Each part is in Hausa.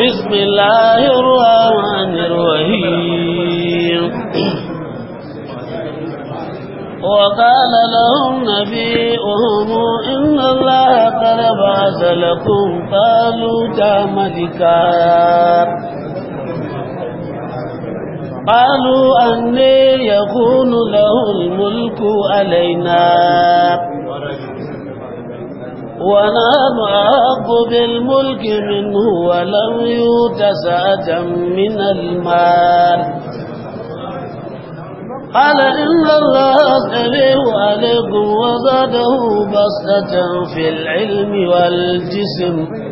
بسم الله الرحمن الرحيم وقال لهم نبيهم إن الله قد بعث لكم قالوا تعمدكار قالوا أن يكون له الملك علينا ونحن أحق بالملك منه ولم يؤت من المال قال إن الله سميع عليكم وزاده بسطة في العلم والجسم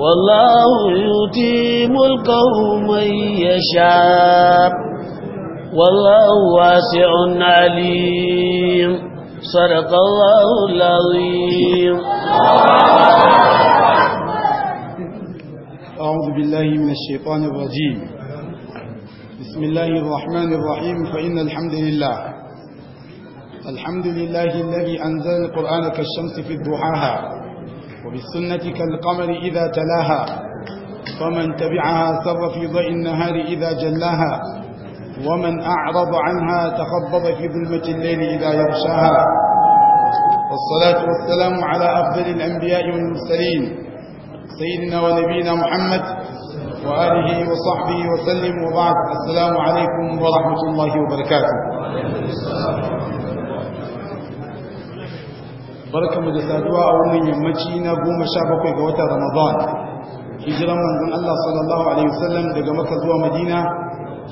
والله يتي ملكه من يشاء والله واسع عليم صدق الله العظيم أعوذ بالله من الشيطان الرجيم بسم الله الرحمن الرحيم فإن الحمد لله الحمد لله الذي أنزل القرآن كالشمس في الضحاها وبالسنة كالقمر إذا تلاها فمن تبعها سر في ضوء النهار إذا جلاها ومن أعرض عنها تخبض في ظلمة الليل إذا يغشاها والصلاة والسلام على أفضل الأنبياء والمرسلين سيدنا ونبينا محمد وآله وصحبه وسلم وبعد السلام عليكم ورحمة الله وبركاته barkamu da saduwa a wannan yammaci na goma sha bakwai ga watan ramadan hijiran manzon Allah sallallahu alaihi wasallam daga maka zuwa madina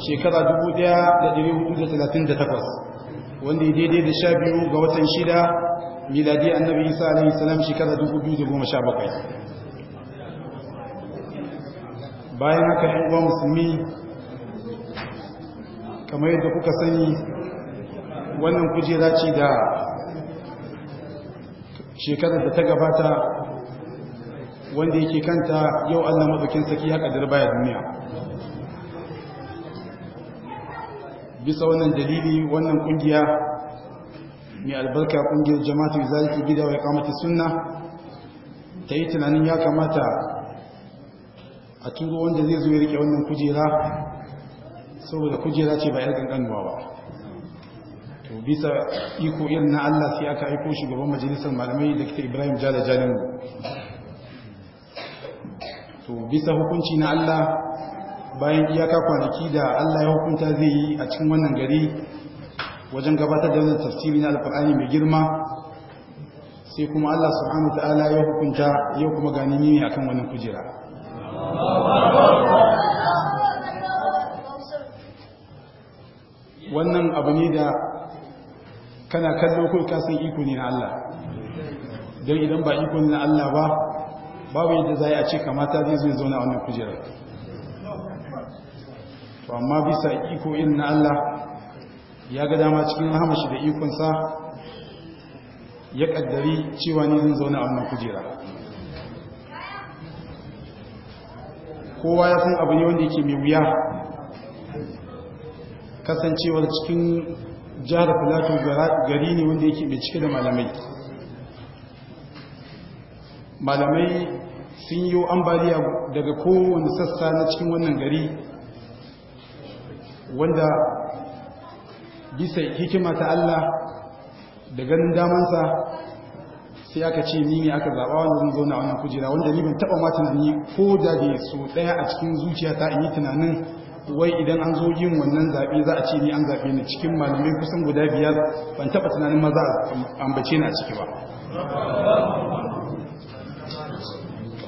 shekara dubu da da da dari takwas, wanda daidai da sha biyu ga watan shida miladi annabi isa alaihi salam shekara dubu biyu da goma sha bakwai. bayan haka yan uwa musulmi kamar yadda kuka sani wannan kujera ce da shekarar da ta gabata wanda yake kanta yau allah maɗaukin saki ya ƙadir baya duniya bisa wannan dalili wannan ƙungiya mai albarka ƙungiyar jama'atu zaliki gida wa kamata sunna ta yi tunanin ya kamata a turo wanda zai zo ya rike wannan kujera saboda kujera ce ba 'yar ƙanƙanuwa ba to bisa iko irin na Allah sai aka aiko shugaban majalisar malamai da kita Ibrahim Jala Jalin to bisa hukunci na Allah bayan iyaka kwanaki da Allah ya hukunta zai yi a cikin wannan gari wajen gabatar da wannan tafsiri na alkur'ani mai girma sai kuma Allah subhanahu ta'ala ya hukunta yau kuma gani ne akan wannan kujera wannan abu ne da kana kallo ko kasan san iko ne na Allah don idan ba iko ne na Allah ba babu yadda za a ce kamata zai zo zauna wannan kujerar to amma bisa iko in na Allah ya ga dama cikin rahamashi da ikonsa ya kaddari cewa ne zai zauna a wannan kujera kowa ya san abu ne wanda yake mai wuya kasancewar cikin jihar filato gari ne wanda yake mai cike da malamai malamai sun yi ambaliya daga kowane sassa na cikin wannan gari wanda bisa hikima ta Allah da ganin damansa sai aka ce ni ne aka zaɓa wanda zan zauna wannan kujera wanda ni ban taɓa ma tunani ko da ne so ɗaya a cikin zuciya ta in yi tunanin wai idan an zo yin wannan zaɓe za a ce ni an zaɓe ni cikin malamai kusan guda biyar ban taɓa tunanin maza ni a ciki ba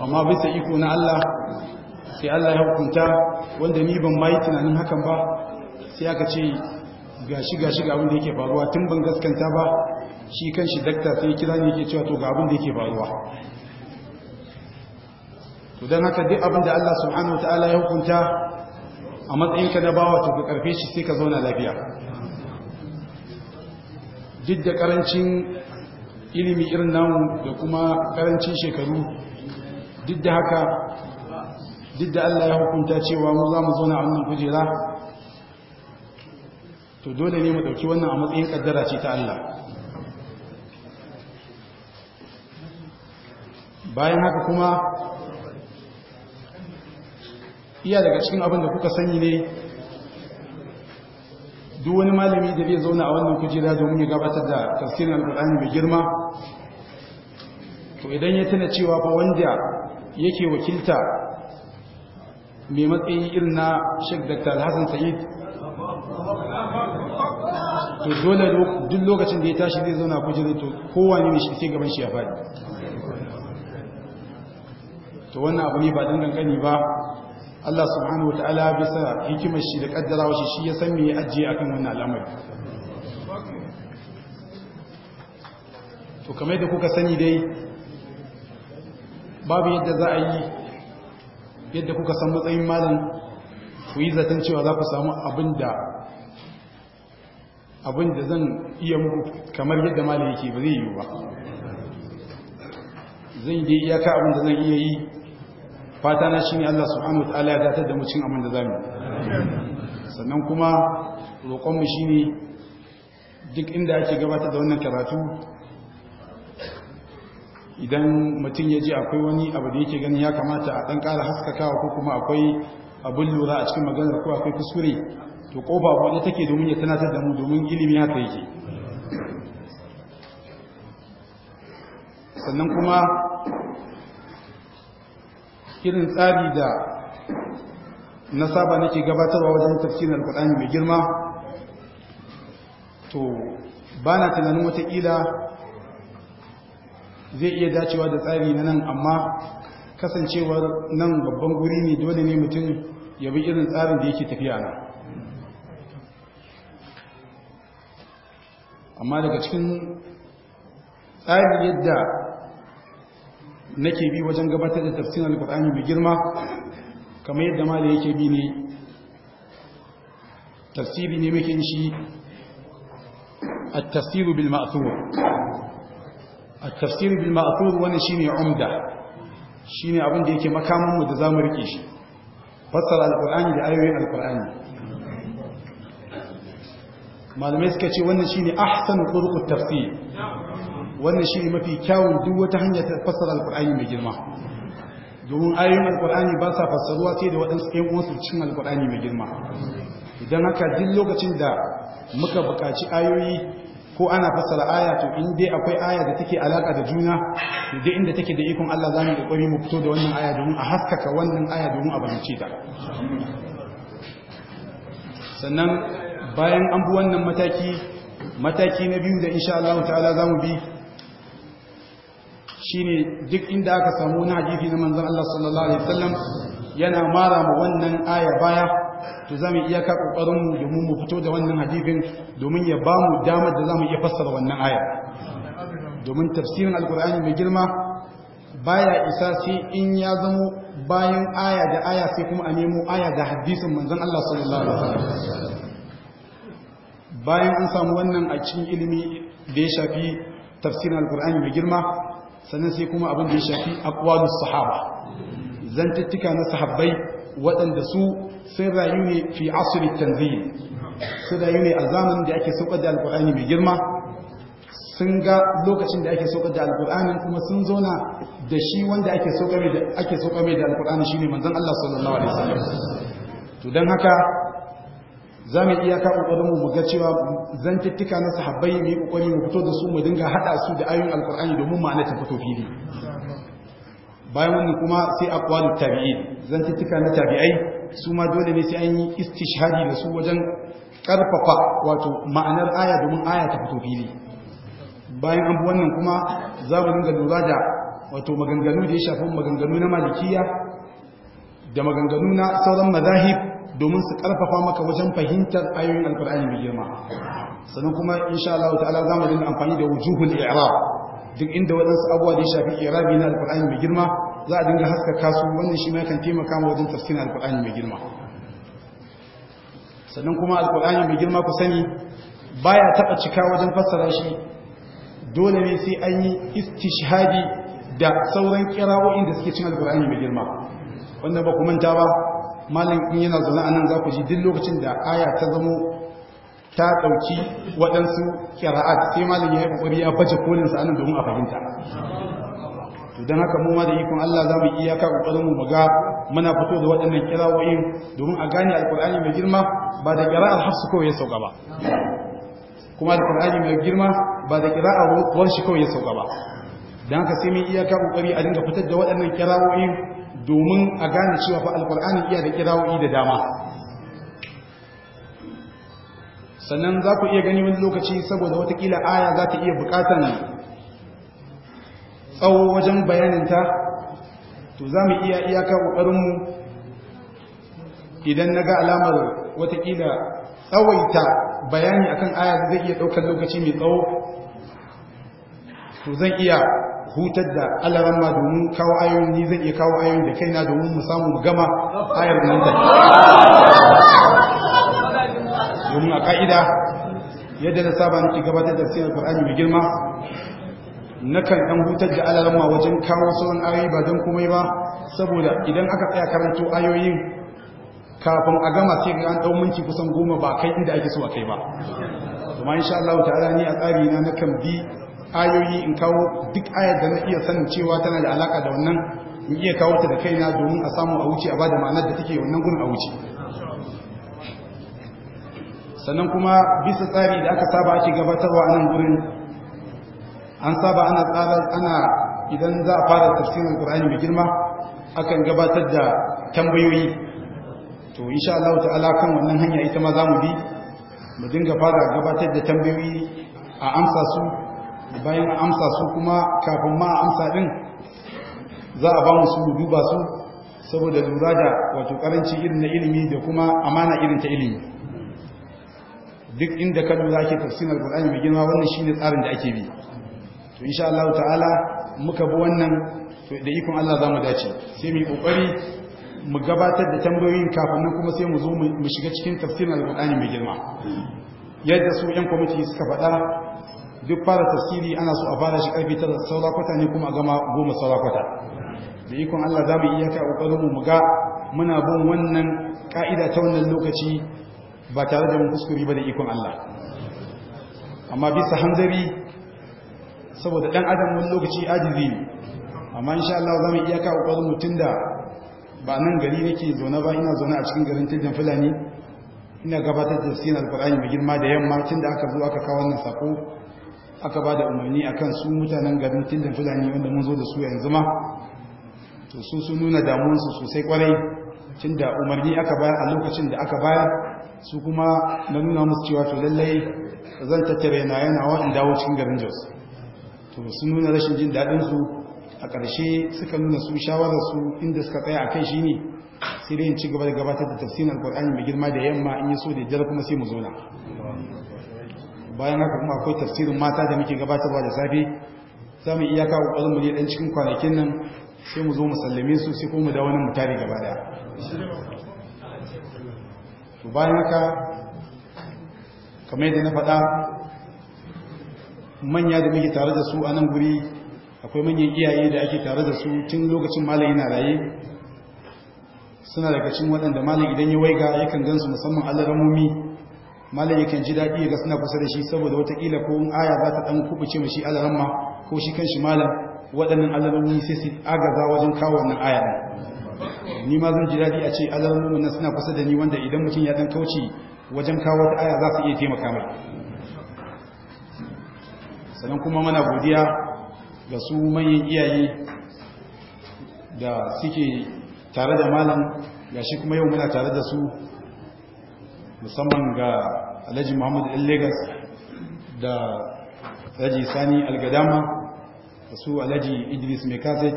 amma bisa iko na Allah sai Allah ya hukunta wanda ni ban mai tunanin hakan ba sai aka ce gashi gashi ga abin da yake faruwa tun ban gaskanta ba shi kan shi dakta sai kira ne yake cewa to ga abin da yake faruwa to don haka duk abin da Allah subhanahu wa ya hukunta a matsayinka na bawa to karfe shi sai ka zauna lafiya duk da karancin ilimi irin namu da kuma karancin shekaru duk da haka duk da Allah ya hukunta cewa mu za mu zauna a kujera to dole ne mu dauki wannan a matsayin kaddara ce ta Allah bayan haka kuma iya daga cikin abin da kuka sani ne duk wani malami da zai zauna a wannan kujera domin ya gabatar da tafsirin alkur'ani mai girma to idan ya tana cewa ba wanda yake wakilta mai matsayi irin na Sheikh Dr. Hassan Said to dole duk lokacin da ya tashi zai zauna kujera to kowane ne shi gaban shi ya fadi to wannan abu ne ba dan kankani ba Allah subhanahu wataala bisa hikimar shi da kaddarawa shi shi ya san me ya ajiye akan wannan al'amari to kamar da kuka sani dai babu yadda za a yi yadda kuka san matsayin malam ku yi zaton cewa za ku samu abin da zan iya muku kamar yadda malam yake ba zai yi ba zan yi iyaka abin da zan iya yi fata na shine Allah subhanahu wataala ya datar da mu cin abin da zamu sannan kuma roƙon mu shine duk inda ake gabatar da wannan karatu idan mutum ya ji akwai wani abu da yake gani ya kamata a ɗan ƙara haskakawa ko kuma akwai abin lura a cikin maganar ko akwai kuskure to ƙofa wani take domin ya tunatar da mu domin ilimi haka yake sannan kuma irin tsari da na saba nake gabatarwa wajen tafsirin alkur'ani mai girma to ba na tunanin watakila zai iya dacewa da tsari na nan amma kasancewar nan babban guri ne dole ne mutum ya bi irin tsarin da yake tafiya na. amma daga cikin tsari yadda nake bi wajen gabatar da tafsirin alkur'ani mai girma kamar yadda mala yake bi ne tafsiri ne muke shi التفسير بالمأثور التفسير بالمأثور wani shine umda shine abin da yake makamin mu da zamu rike shi fassara alqur'ani da ayoyin alqur'ani malamai suka ce wannan shine ahsanu turuqut tafsir wannan shi ne mafi kyawun duk wata hanyar ta fassara alkur'ani mai girma domin ayoyin alkur'ani ba sa fassaruwa sai da waɗansu ɗan uwansu cikin alkur'ani mai girma idan haka duk lokacin da muka buƙaci ayoyi ko ana fassara aya to in dai akwai aya da take alaka da juna to dai inda take da ikon Allah zamu kokari mu fito da wannan aya domin a haskaka wannan aya domin a bayyance ta sannan bayan an bi wannan mataki mataki na biyu da insha Allah ta'ala zamu bi shine duk inda aka samu wani hadisi na manzon Allah sallallahu alaihi wasallam yana mara mu wannan aya baya to zamu iya ka kokarin mu domin mu fito da wannan hadisin domin ya ba mu damar da zamu iya fassara wannan aya domin tafsirin alqur'ani mai girma baya isa sai in ya zamo bayan aya da aya sai kuma a nemo aya da hadisin manzon Allah sallallahu alaihi wasallam bayan an samu wannan a cikin ilimi da ya shafi tafsirin alqur'ani mai girma sannan sai kuma abin da ya shafi aqwalus sahaba zantuttuka na sahabbai waɗanda su sun rayu ne fi asri tanzil sun rayu ne a zamanin da ake saukar da alqur'ani mai girma sun ga lokacin da ake saukar da alqur'ani kuma sun zauna da shi wanda ake saukar da alkurani saukar da alqur'ani shine Allah sallallahu alaihi wasallam to don haka za mu iya ka kokarin mu ga cewa zantuttuka na sahabbai mu yi kokari mu fito da su mu dinga haɗa su da ayoyin alkur'ani domin ma'ana ta fito fili bayan wannan kuma sai aqwalut tabi'in zantuttuka na tabi'ai su ma dole ne sai an yi istishhadi da su wajen karfafa wato ma'anar aya domin aya ta fito fili bayan an wannan kuma za mu dinga lura da wato maganganu da ya shafi maganganu na malikiya da maganganu na sauran mazahib domin su karfafa maka wajen fahimtar ayoyin alkur'ani mai girma sannan kuma insha Allah ta'ala za mu dinga amfani da wujuhul i'rab duk inda wadansu abuwa da ya shafi i'rabi na alkur'ani mai girma za a dinga haskaka su wannan shi ma kan taimaka ma wajen tafsirin alkur'ani mai girma sannan kuma alkur'ani mai girma ku sani baya taɓa cika wajen fassara shi dole ne sai an yi istishhadi da sauran kira'o'in da suke cin alkur'ani mai girma wanda ba ku manta ba malin in yana zaune a nan za ku ji duk lokacin da aya ta zamo ta ɗauki waɗansu kira'at sai malin ya yi ƙoƙari ya baje kolinsa anan domin a fahimta to don haka mu ma da ikon Allah za mu iyaka ƙoƙarin mu ga muna fito da waɗannan ƙira'o'in domin a gane alƙur'ani mai girma ba da kira'ar hafsu kawai ya sauka ba kuma da mai girma ba da wani shi kawai ya sauka ba don haka sai mu iyaka ƙoƙari a dinga fitar da waɗannan ƙira'o'in domin a gane cewa fa alkur'ani iya da kirawo'i da dama sannan za ku iya gani wani lokaci saboda watakila aya za ta iya bukatan tsawo wajen bayaninta to za mu iya iyaka ƙoƙarinmu idan na ga alamar watakila tsawaita bayani akan aya zai iya ɗaukar lokaci mai tsawo to zan iya hutar da alaran ma domin kawo ayoyin ni zai iya kawo ayoyin da kaina domin mu samu gama ayar nan domin a ka'ida yadda na saba nake gabatar da siyar Alƙur'ani mai girma na kan ɗan hutar da alaran ma wajen kawo sauran ayoyi ba don komai ba saboda idan aka tsaya karanto ayoyin kafin a gama sai ga an minti kusan goma ba kai inda ake so a kai ba kuma insha Allah ta'ala ni a tsari na nakan bi ayoyi in kawo duk ayar da na iya sanin cewa tana da alaka da wannan in iya kawo ta da kaina domin a samu a wuce a bada ma'anar da take wannan gurin a wuce sannan kuma bisa tsari da aka saba ake gabatarwa a nan gurin an saba ana tsara ana idan za a fara tafsirin qur'ani mai girma akan gabatar da tambayoyi to insha Allah ta'ala kan wannan hanya ita ma za mu bi mu dinga fara gabatar da tambayoyi a amsa su bayan amsa su kuma kafin ma amsa din za a ba mu su duba su saboda lura da wato karanci irin na ilimi da kuma amana irin ta ilimi duk inda ka lura ke tafsirin alqur'ani mai girma wannan shine tsarin da ake bi to insha Allah ta'ala muka bi wannan To da ikon Allah zamu dace sai mu kokari mu gabatar da tambayoyin kafin nan kuma sai mu zo mu shiga cikin tafsirin alqur'ani mai girma yadda su yan kwamiti suka faɗa duk fara tafsiri ana so a fara shi karfe ta saura kwata ne kuma a gama goma saura kwata da ikon Allah za mu iya ƙarfi mu ga muna bin wannan ƙa'ida ta wannan lokaci ba tare da mun kuskuri ba da ikon Allah amma bisa hanzari saboda ɗan adam wani lokaci ajizi ne amma insha Allah za mu iya ƙarfi mu da ba nan gari nake zaune ba ina zaune a cikin garin Tijjan Fulani ina gabatar da sinar alkur'ani mai girma da yamma tun da aka zo aka kawo wannan sako aka ba da umarni a kan su mutanen garin tindin fulani wanda mun zo da su yanzu ma to su sun nuna damuwansu sosai kwarai tun da umarni aka bayar a lokacin da aka bayar su kuma na nuna musu cewa to lallai zan tattare na yana in dawo cikin garin jos to sun nuna rashin jin daɗinsu a ƙarshe suka nuna su shawararsu inda suka tsaya a kai shi ne sai dai in ci gaba da gabatar da tafsirin alƙur'ani mai girma da yamma in yi so da jar kuma sai mu zo na bayan haka kuma akwai tafsirin mata da muke gabatarwa da safe za mu iyaka ƙoƙarin mu ne ɗan cikin kwanakin nan sai mu zo mu sallame su sai kuma mu da wani mutari gaba daya to bayan haka kamar yadda na faɗa manya da muke tare da su a nan guri akwai manyan iyaye da ake tare da su tun lokacin malam yana raye suna daga cikin waɗanda malam idan ya waiga yakan gansu musamman alaramomi malam yakan ji daɗi ga suna kusa da shi saboda watakila ko aya za ta ɗan kubuce mashi alarama ko shi kan shi malam waɗannan alarami sai su agaza wajen kawo wannan aya ni ma zan ji daɗi a ce alarami na suna kusa da ni wanda idan mutum ya ɗan kauce wajen kawo wata aya za su iya taimaka mai sannan kuma mana godiya ga su manyan iyaye da suke tare da malam shi kuma yau muna tare da su musamman ga alhaji muhammadu ɗan Legas da alhaji sani algadama da su alhaji idris mai kaset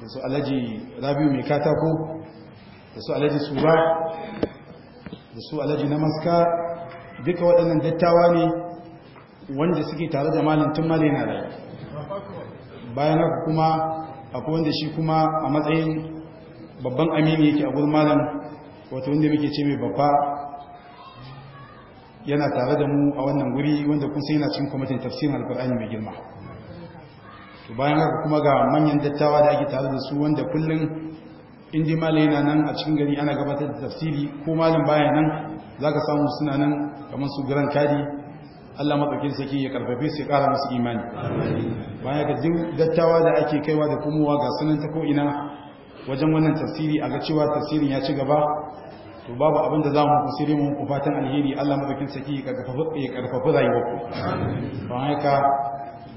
da su alhaji rabiu mai katako da su alhaji suba da su alhaji na maska duka waɗannan dattawa ne wanda suke tare da malin tun malin na rai bayan haka kuma akwai wanda shi kuma a matsayin babban amini yake a gurin malam wata wanda muke ce mai babba yana tare da mu a wannan guri wanda kun sai yana cikin kwamitin tafsirin alkur'ani mai girma to bayan haka kuma ga manyan dattawa da ake tare da su wanda kullum in ji yana nan a cikin gari ana gabatar da tafsiri ko malam baya nan za ka samu suna nan kamar su giran kadi allah matsakin saki ya karfafi su ya kara musu imani bayan ga dattawa da ake kaiwa da kumowa ga sunan ta ko'ina wajen wannan tafsiri a ga cewa tafsirin ya ci gaba to babu abin da zamu ku sire mu ku fatan alheri Allah madaukin saki ka gafafa ya ku amin don haka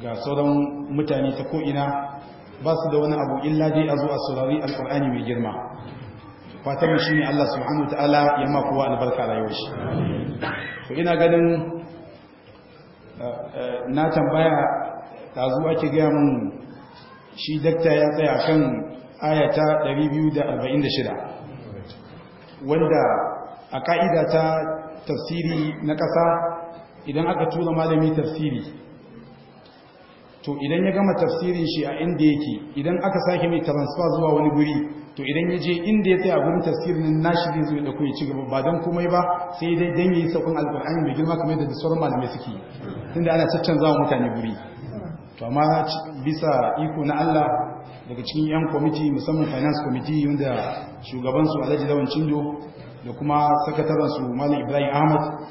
ga sauran mutane ta ko ina ba su da wani abu illa dai a zo a saurari alkur'ani mai girma fatan shi ne Allah subhanahu ta'ala ya ma kowa albarka rayuwar shi to ina ganin eh, eh, na tambaya zuwa ake gaya mun shi dakta ya tsaya kan ayata 246 wanda a ka'ida ta tafsiri na ƙasa idan aka tura malami tafsiri to idan ya gama tafsirin shi a inda yake idan aka sake mai taransfa zuwa wani guri to idan ya je inda ya tsaye a gurin tafsirin nashi zai zo ya ya ci gaba ba don komai ba sai dai dan yayi sakon alkur'ani mai girma kamar yadda sauran malamai suke da ana zawa mutane guri to amma bisa iko na Allah daga cikin yan kwamiti musamman finance committee wanda shugabansu alhaji lawan cindo da kuma sakatarensu malam ibrahim ahmad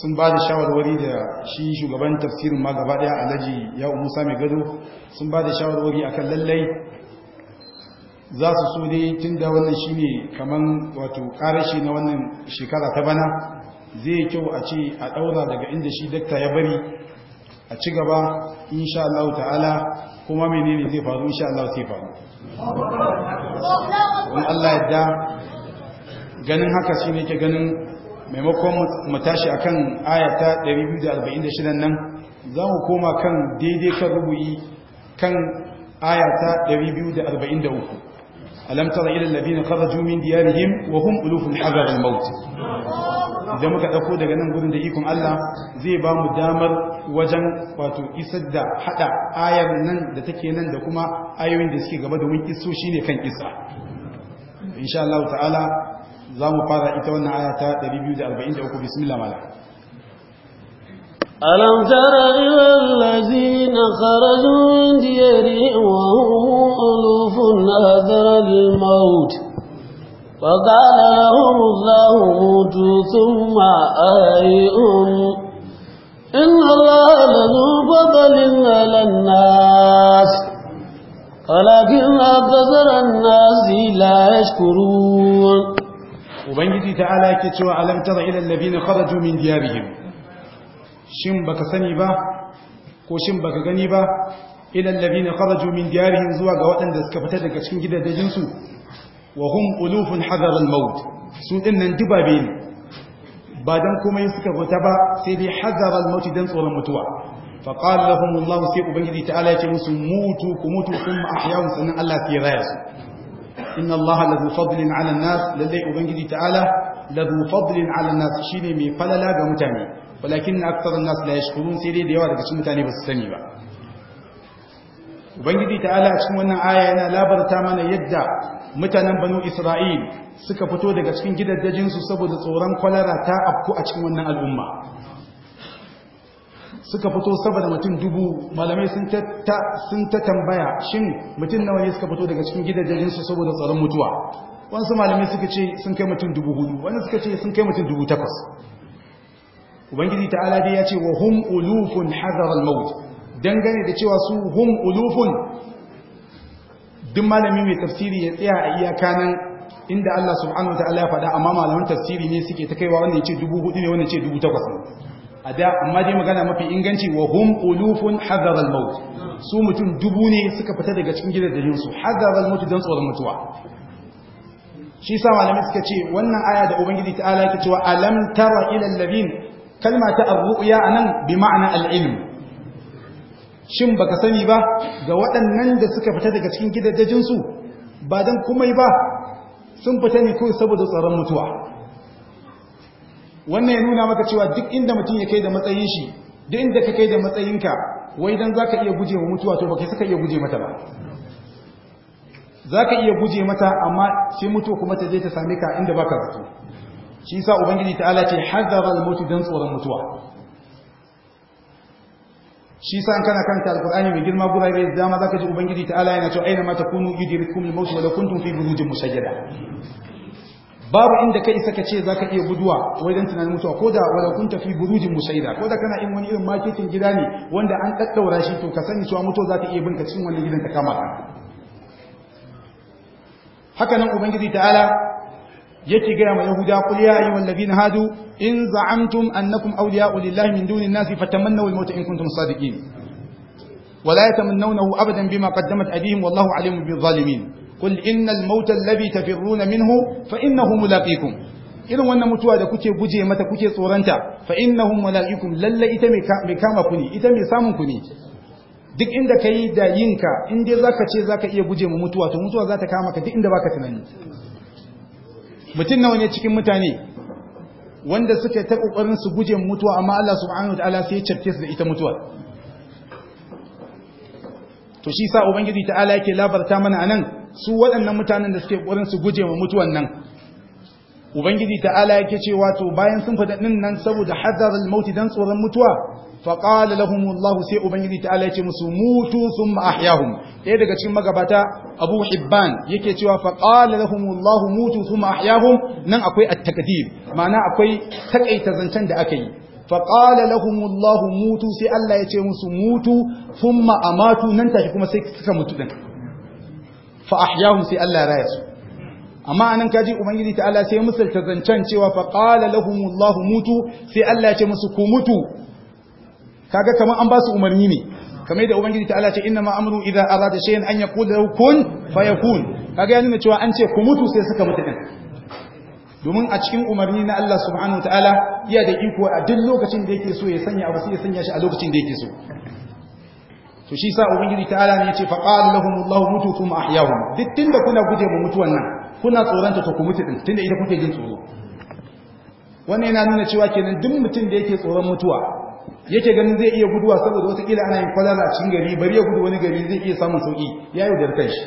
sun ba da shawarwari da shi shugaban tafsirin ma gaba daya alhaji ya musa mai gado sun ba da shawarwari akan lallai za su so dai tun da wannan shi ne kamar wato karashi na wannan shekara ta bana zai kyau a ce a daura daga inda shi dakta ya bari a ci gaba insha Allah ta'ala kuma menene zai faru insha Allah sai faru Wani Allah yadda ganin haka shi ne ke ganin maimakon mu tashi akan ayata 246 nan za mu koma kan daidai kan rubuyi kan ayata 243 alam tara ila alladhina jumin min diyarihim wa hum ulufun hadar al-maut idan muka ɗauko daga nan gudun da ikon Allah zai ba mu damar wajen wato isar da haɗa ayar nan da take nan da kuma ayoyin da suke gaba domin iso shi ne kan isa insha Allah ta'ala za mu fara ita wannan aya ta 243 bismillah mala ألم تر إلى الذين خرجوا من ديارهم وهم ألوف نذر الموت وقال لهم الله موتوا ثم أحيئهم إن الله لذو فضل على الناس ولكن أكثر الناس لا يشكرون Ubangiji ta'ala ke cewa alam tara ila allazina kharaju min diyarihim shin baka sani ba ko shin baka gani ba ila na kharaju min diyarihim zuwa ga waɗanda suka fita daga cikin gidajen su wa ulufun hadar al-maut su innan dubabe ne ba dan komai suka fita ba sai dai hadar al-maut dan tsoron mutuwa fa qala lahum Allah sai ubangiji ta'ala ya ce musu mutu ku mutu kuma ahya'u sanan Allah sai raya su inna Allah ladhu fadlin 'ala nas lalle ubangiji ta'ala ladhu fadlin 'ala nas shine mai falala ga mutane walakin akthar an-nas sai dai da yawa daga cikin mutane ba su sani ba ubangiji ta'ala a cikin wannan aya yana labarta mana yadda mutanen banu isra'il suka fito daga cikin su saboda tsoron kwalara ta afku a cikin wannan al'umma suka fito saboda mutum dubu malamai sun ta tambaya shin mutum nawa ne suka fito daga cikin su saboda tsoron mutuwa wasu malamai suka ce sun kai mutum dubu hudu wani suka ce sun kai mutum dubu takwas ubangiji ta'ala dai ya ce wa hum ulufun hazar al-maut dangane da cewa su hum ulufun duk malami mai tafsiri ya tsaya a iyaka nan inda Allah subhanahu wataala ya faɗa amma malaman tafsiri ne suke ta kaiwa ya ce dubu hudu ne wannan ce dubu takwas ne a da amma dai magana mafi inganci wa hum ulufun hazarar al su mutum dubu ne suka fita daga cikin gidan su hazarar al maut don tsoron mutuwa shi sa malamai suka ce wannan aya da ubangiji ta'ala yake cewa alam tara ila alladhin kalma ta ar-ru'ya anan bi ma'ana al-ilm shin ba ka sani ba ga waɗannan da suka fita daga cikin gidajensu ba don komai ba sun fita ne kawai saboda tsaron mutuwa wannan ya nuna maka cewa duk inda mutum ya kai da matsayin shi duk inda ka kai da matsayinka wai don za ka iya guje wa mutuwa to kai suka iya guje mata ba Za ka iya guje mata amma sai mutuwa kuma ta je ta same ka inda baka zato shi sa ubangiji ta'ala ce hadara al mutu don tsoron mutuwa shi sa kana kanta alqur'ani mai girma gurare da dama zaka ji ubangiji ta'ala yana cewa aina ma takunu yudrikum al-maut wa kuntum fi burujin musajjada babu inda kai saka ce zaka iya guduwa wai dan tunanin mutuwa ko da wala kunta fi burujin musajjada ko da kana in wani irin maketin gida ne wanda an daddaura shi to ka sani cewa mutuwa zaka iya binka cikin wannan gidan ta kama ka haka nan ubangiji ta'ala Yaki gaya ma yahuda qul ya ayyuhal ladina hadu in za'amtum annakum awliya'u lillahi min duni an-nasi fatamannaw al-maut in kuntum sadiqin wa la yatamannawnhu abadan bima qaddamat aydihim wallahu alimun bil zalimin qul innal maut alladhi minhu fa irin wannan mutuwa da kuke guje mata kuke tsoronta? fa innahum mulaqikum lalla ita mai kama ku ne ita mai samun ku ne duk inda kai da yinka in dai zaka ce zaka iya guje mu mutuwa to mutuwa za ta kama ka duk inda baka tunani mutum nawa ne cikin mutane wanda suka ta kokarin su guje mutuwa amma Allah subhanahu wataala sai ya cafke su da ita mutuwa to shi sa ubangiji ta'ala yake labarta mana anan su waɗannan mutanen da suke kokarin su guje wa mutuwan nan ubangiji ta'ala yake cewa to bayan sun fada nan saboda hadarul maut dan tsoron mutuwa faƙala lahumullahu sai ubangiji ta'ala ya ce musu mutu sun ma'ahyahum ɗaya daga cikin magabata abu hibban yake cewa faƙala lahumullahu mutu sun ma'ahyahum nan akwai at-takdir ma'ana akwai takaita zancen da aka yi faƙala lahumullahu mutu sai Allah ya ce musu mutu sun ma'amatu nan tashi kuma sai suka mutu ɗin fa'ahyahum sai Allah ya raya su amma anan kaji ubangiji ta'ala sai musulta zancen cewa faqala lahumullahu mutu sai Allah ya ce musu ku mutu kaga kamar an ba su umarni ne kamar da ubangiji ta Allah ce inna ma amru idza arada shay'an an yaqula kun fayakun kaga yana cewa an ce ku mutu sai suka mutu din domin a cikin umarni na Allah subhanahu wataala iya da iko a duk lokacin da yake so ya sanya abu sai ya sanya shi a lokacin da yake so to shi sa ubangiji ta'ala ne fa qala lahum Allahu mutu thumma ahyahum duk tunda kuna guje mu mutuwan nan kuna tsoranta to ku mutu din tunda ita kuke jin tsoro wannan yana nuna cewa kenan duk mutum da yake tsoron mutuwa yake ganin zai iya guduwa saboda wata kila ana yin kwalala a cikin gari bari ya gudu wani gari zai iya samun sauki ya yi da kanshi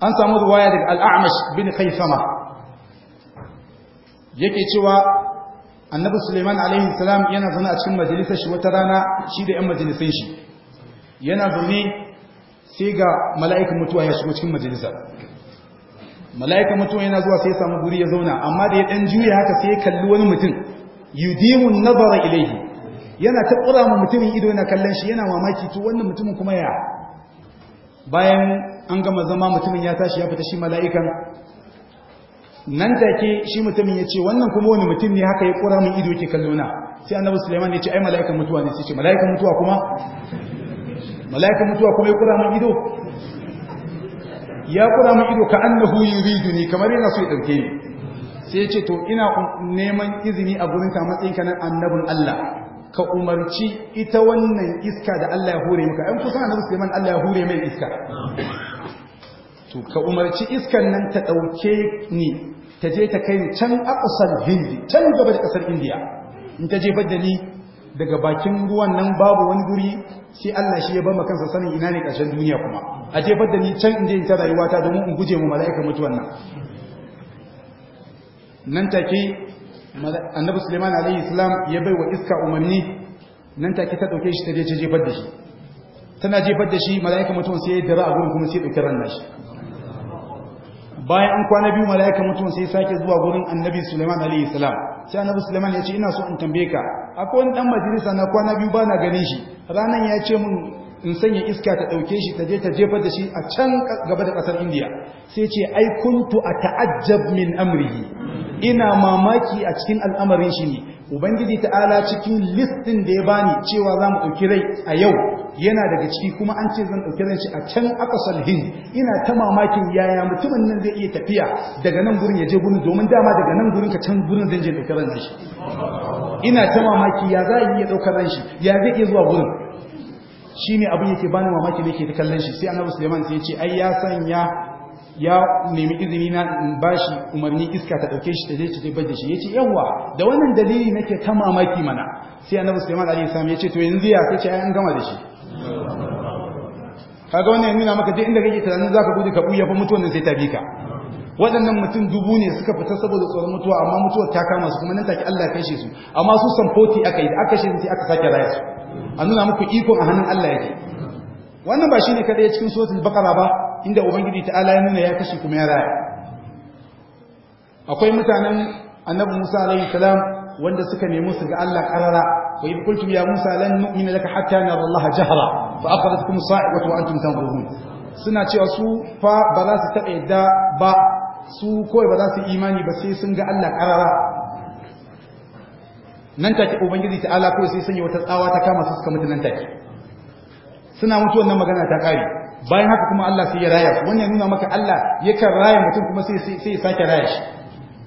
an samu ruwaya daga al'amash bin haifama. yake cewa annabi suleiman alaihi salam yana zaune a cikin majalisar shi wata rana shi da 'yan majalisun shi yana zaune sai ga mala'ikan mutuwa ya shigo cikin majalisar mala'ikan mutuwa yana zuwa sai ya samu guri ya zauna amma da ya ɗan juya haka sai ya kalli wani mutum yudimun nazara ilaihi yana ta ƙura ma mutumin ido yana kallon shi yana mamaki to wannan mutumin kuma ya bayan an gama zama mutumin ya tashi ya fita shi mala'ikan nan take shi mutumin ya ce wannan kuma wani mutum ne haka ya ƙura mun ido yake kallo na sai annabi suleiman ya ce ai mala'ikan mutuwa ne sai ce mala'ikan mutuwa kuma mala'ikan mutuwa kuma ya kura mun ido ya kura mun ido ka annahu yuriduni kamar yana so ya ɗauke ni sai ce to ina neman izini a gurin ka matsayin ka annabin Allah ka umarci ita wannan iska da Allah ya hore maka ɗan kusan annabi Suleiman Allah ya hore mai iska to ka umarci iskan nan ta ɗauke ni ta je ta kai can aqsal hindi can gaba da ƙasar indiya in ta jefar da ni daga bakin ruwan nan babu wani guri sai Allah shi ya bama kansa sanin ina ne ƙarshen duniya kuma a jefar da ni can inda in ta rayuwata domin in guje mu mala'ikar mutuwan nan nan take annabi suleiman alaihi salam ya bai wa iska umarni nan take ta dauke shi ta je jefar da shi tana jefar da shi mala'ika mutum sai ya dara a gurin kuma sai dauke ran nashi bayan an kwana biyu mala'ika mutum sai sake zuwa gurin annabi suleiman alaihi salam sai annabi suleiman ya ce ina so in tambaye ka akwai wani dan majalisa na kwana biyu ba na ganin shi ranan ya ce mun in sanya iska ta ɗauke shi ta je ta jefar da shi a can gaba da ƙasar indiya sai ce ai kuntu a ta'ajjab min amrihi ina mamaki a cikin al'amarin shi ne ubangiji ta'ala cikin listin da ya bani cewa za mu ɗauki rai a yau yana daga ciki kuma an ce zan ɗauki rai a can akasal hind ina ta mamakin yaya mutumin nan zai iya tafiya daga nan gurin ya je gurin domin dama daga nan gurin ka can gurin zan je ɗauki rai? ina ta mamaki ya za a iya ɗaukar ran shi ya zai iya zuwa gurin ne abin yake bani mamaki da yake ta kallon shi sai annabi Sulaiman sai ya ce ai ya sanya ya nemi izini na bashi umarni iska ta dauke shi ta je ta bar da shi yace yawa da wannan dalili nake ta mamaki mana sai annabi Sulaiman alaihi salam yace to yanzu ya sai ce ai an gama da shi kaga wannan yana maka duk inda kake tunanin zaka gudu ka buya fa mutuwan sai ta bi ka waɗannan mutum dubu ne suka fita saboda tsoron mutuwa amma mutuwar ta kama su kuma nan take Allah ya kashe su amma su san 40 aka yi da aka shi sai aka sake raya su a nuna muku iko a hannun Allah yake wannan ba shi ne kadai cikin suratul bakara ba inda ubangiji ta'ala ya nuna ya kashi kuma ya raya akwai mutanen annabi Musa alaihi salam wanda suka nemi su ga Allah karara wa in kuntum ya Musa lan nu'mina laka hatta nara Allah jahra fa akhadhatkum sa'ibatu wa antum tanzurun suna cewa su fa ba za su taɓa yadda ba su kawai ba za su imani ba sai sun ga Allah karara nan take ubangiji ta ala ko sai sanya wata tsawa ta kama su suka mutu nan take suna mutu wannan magana ta kare bayan haka kuma Allah sai ya raya su wannan nuna maka Allah yakan raya mutum kuma sai sai ya sake raya shi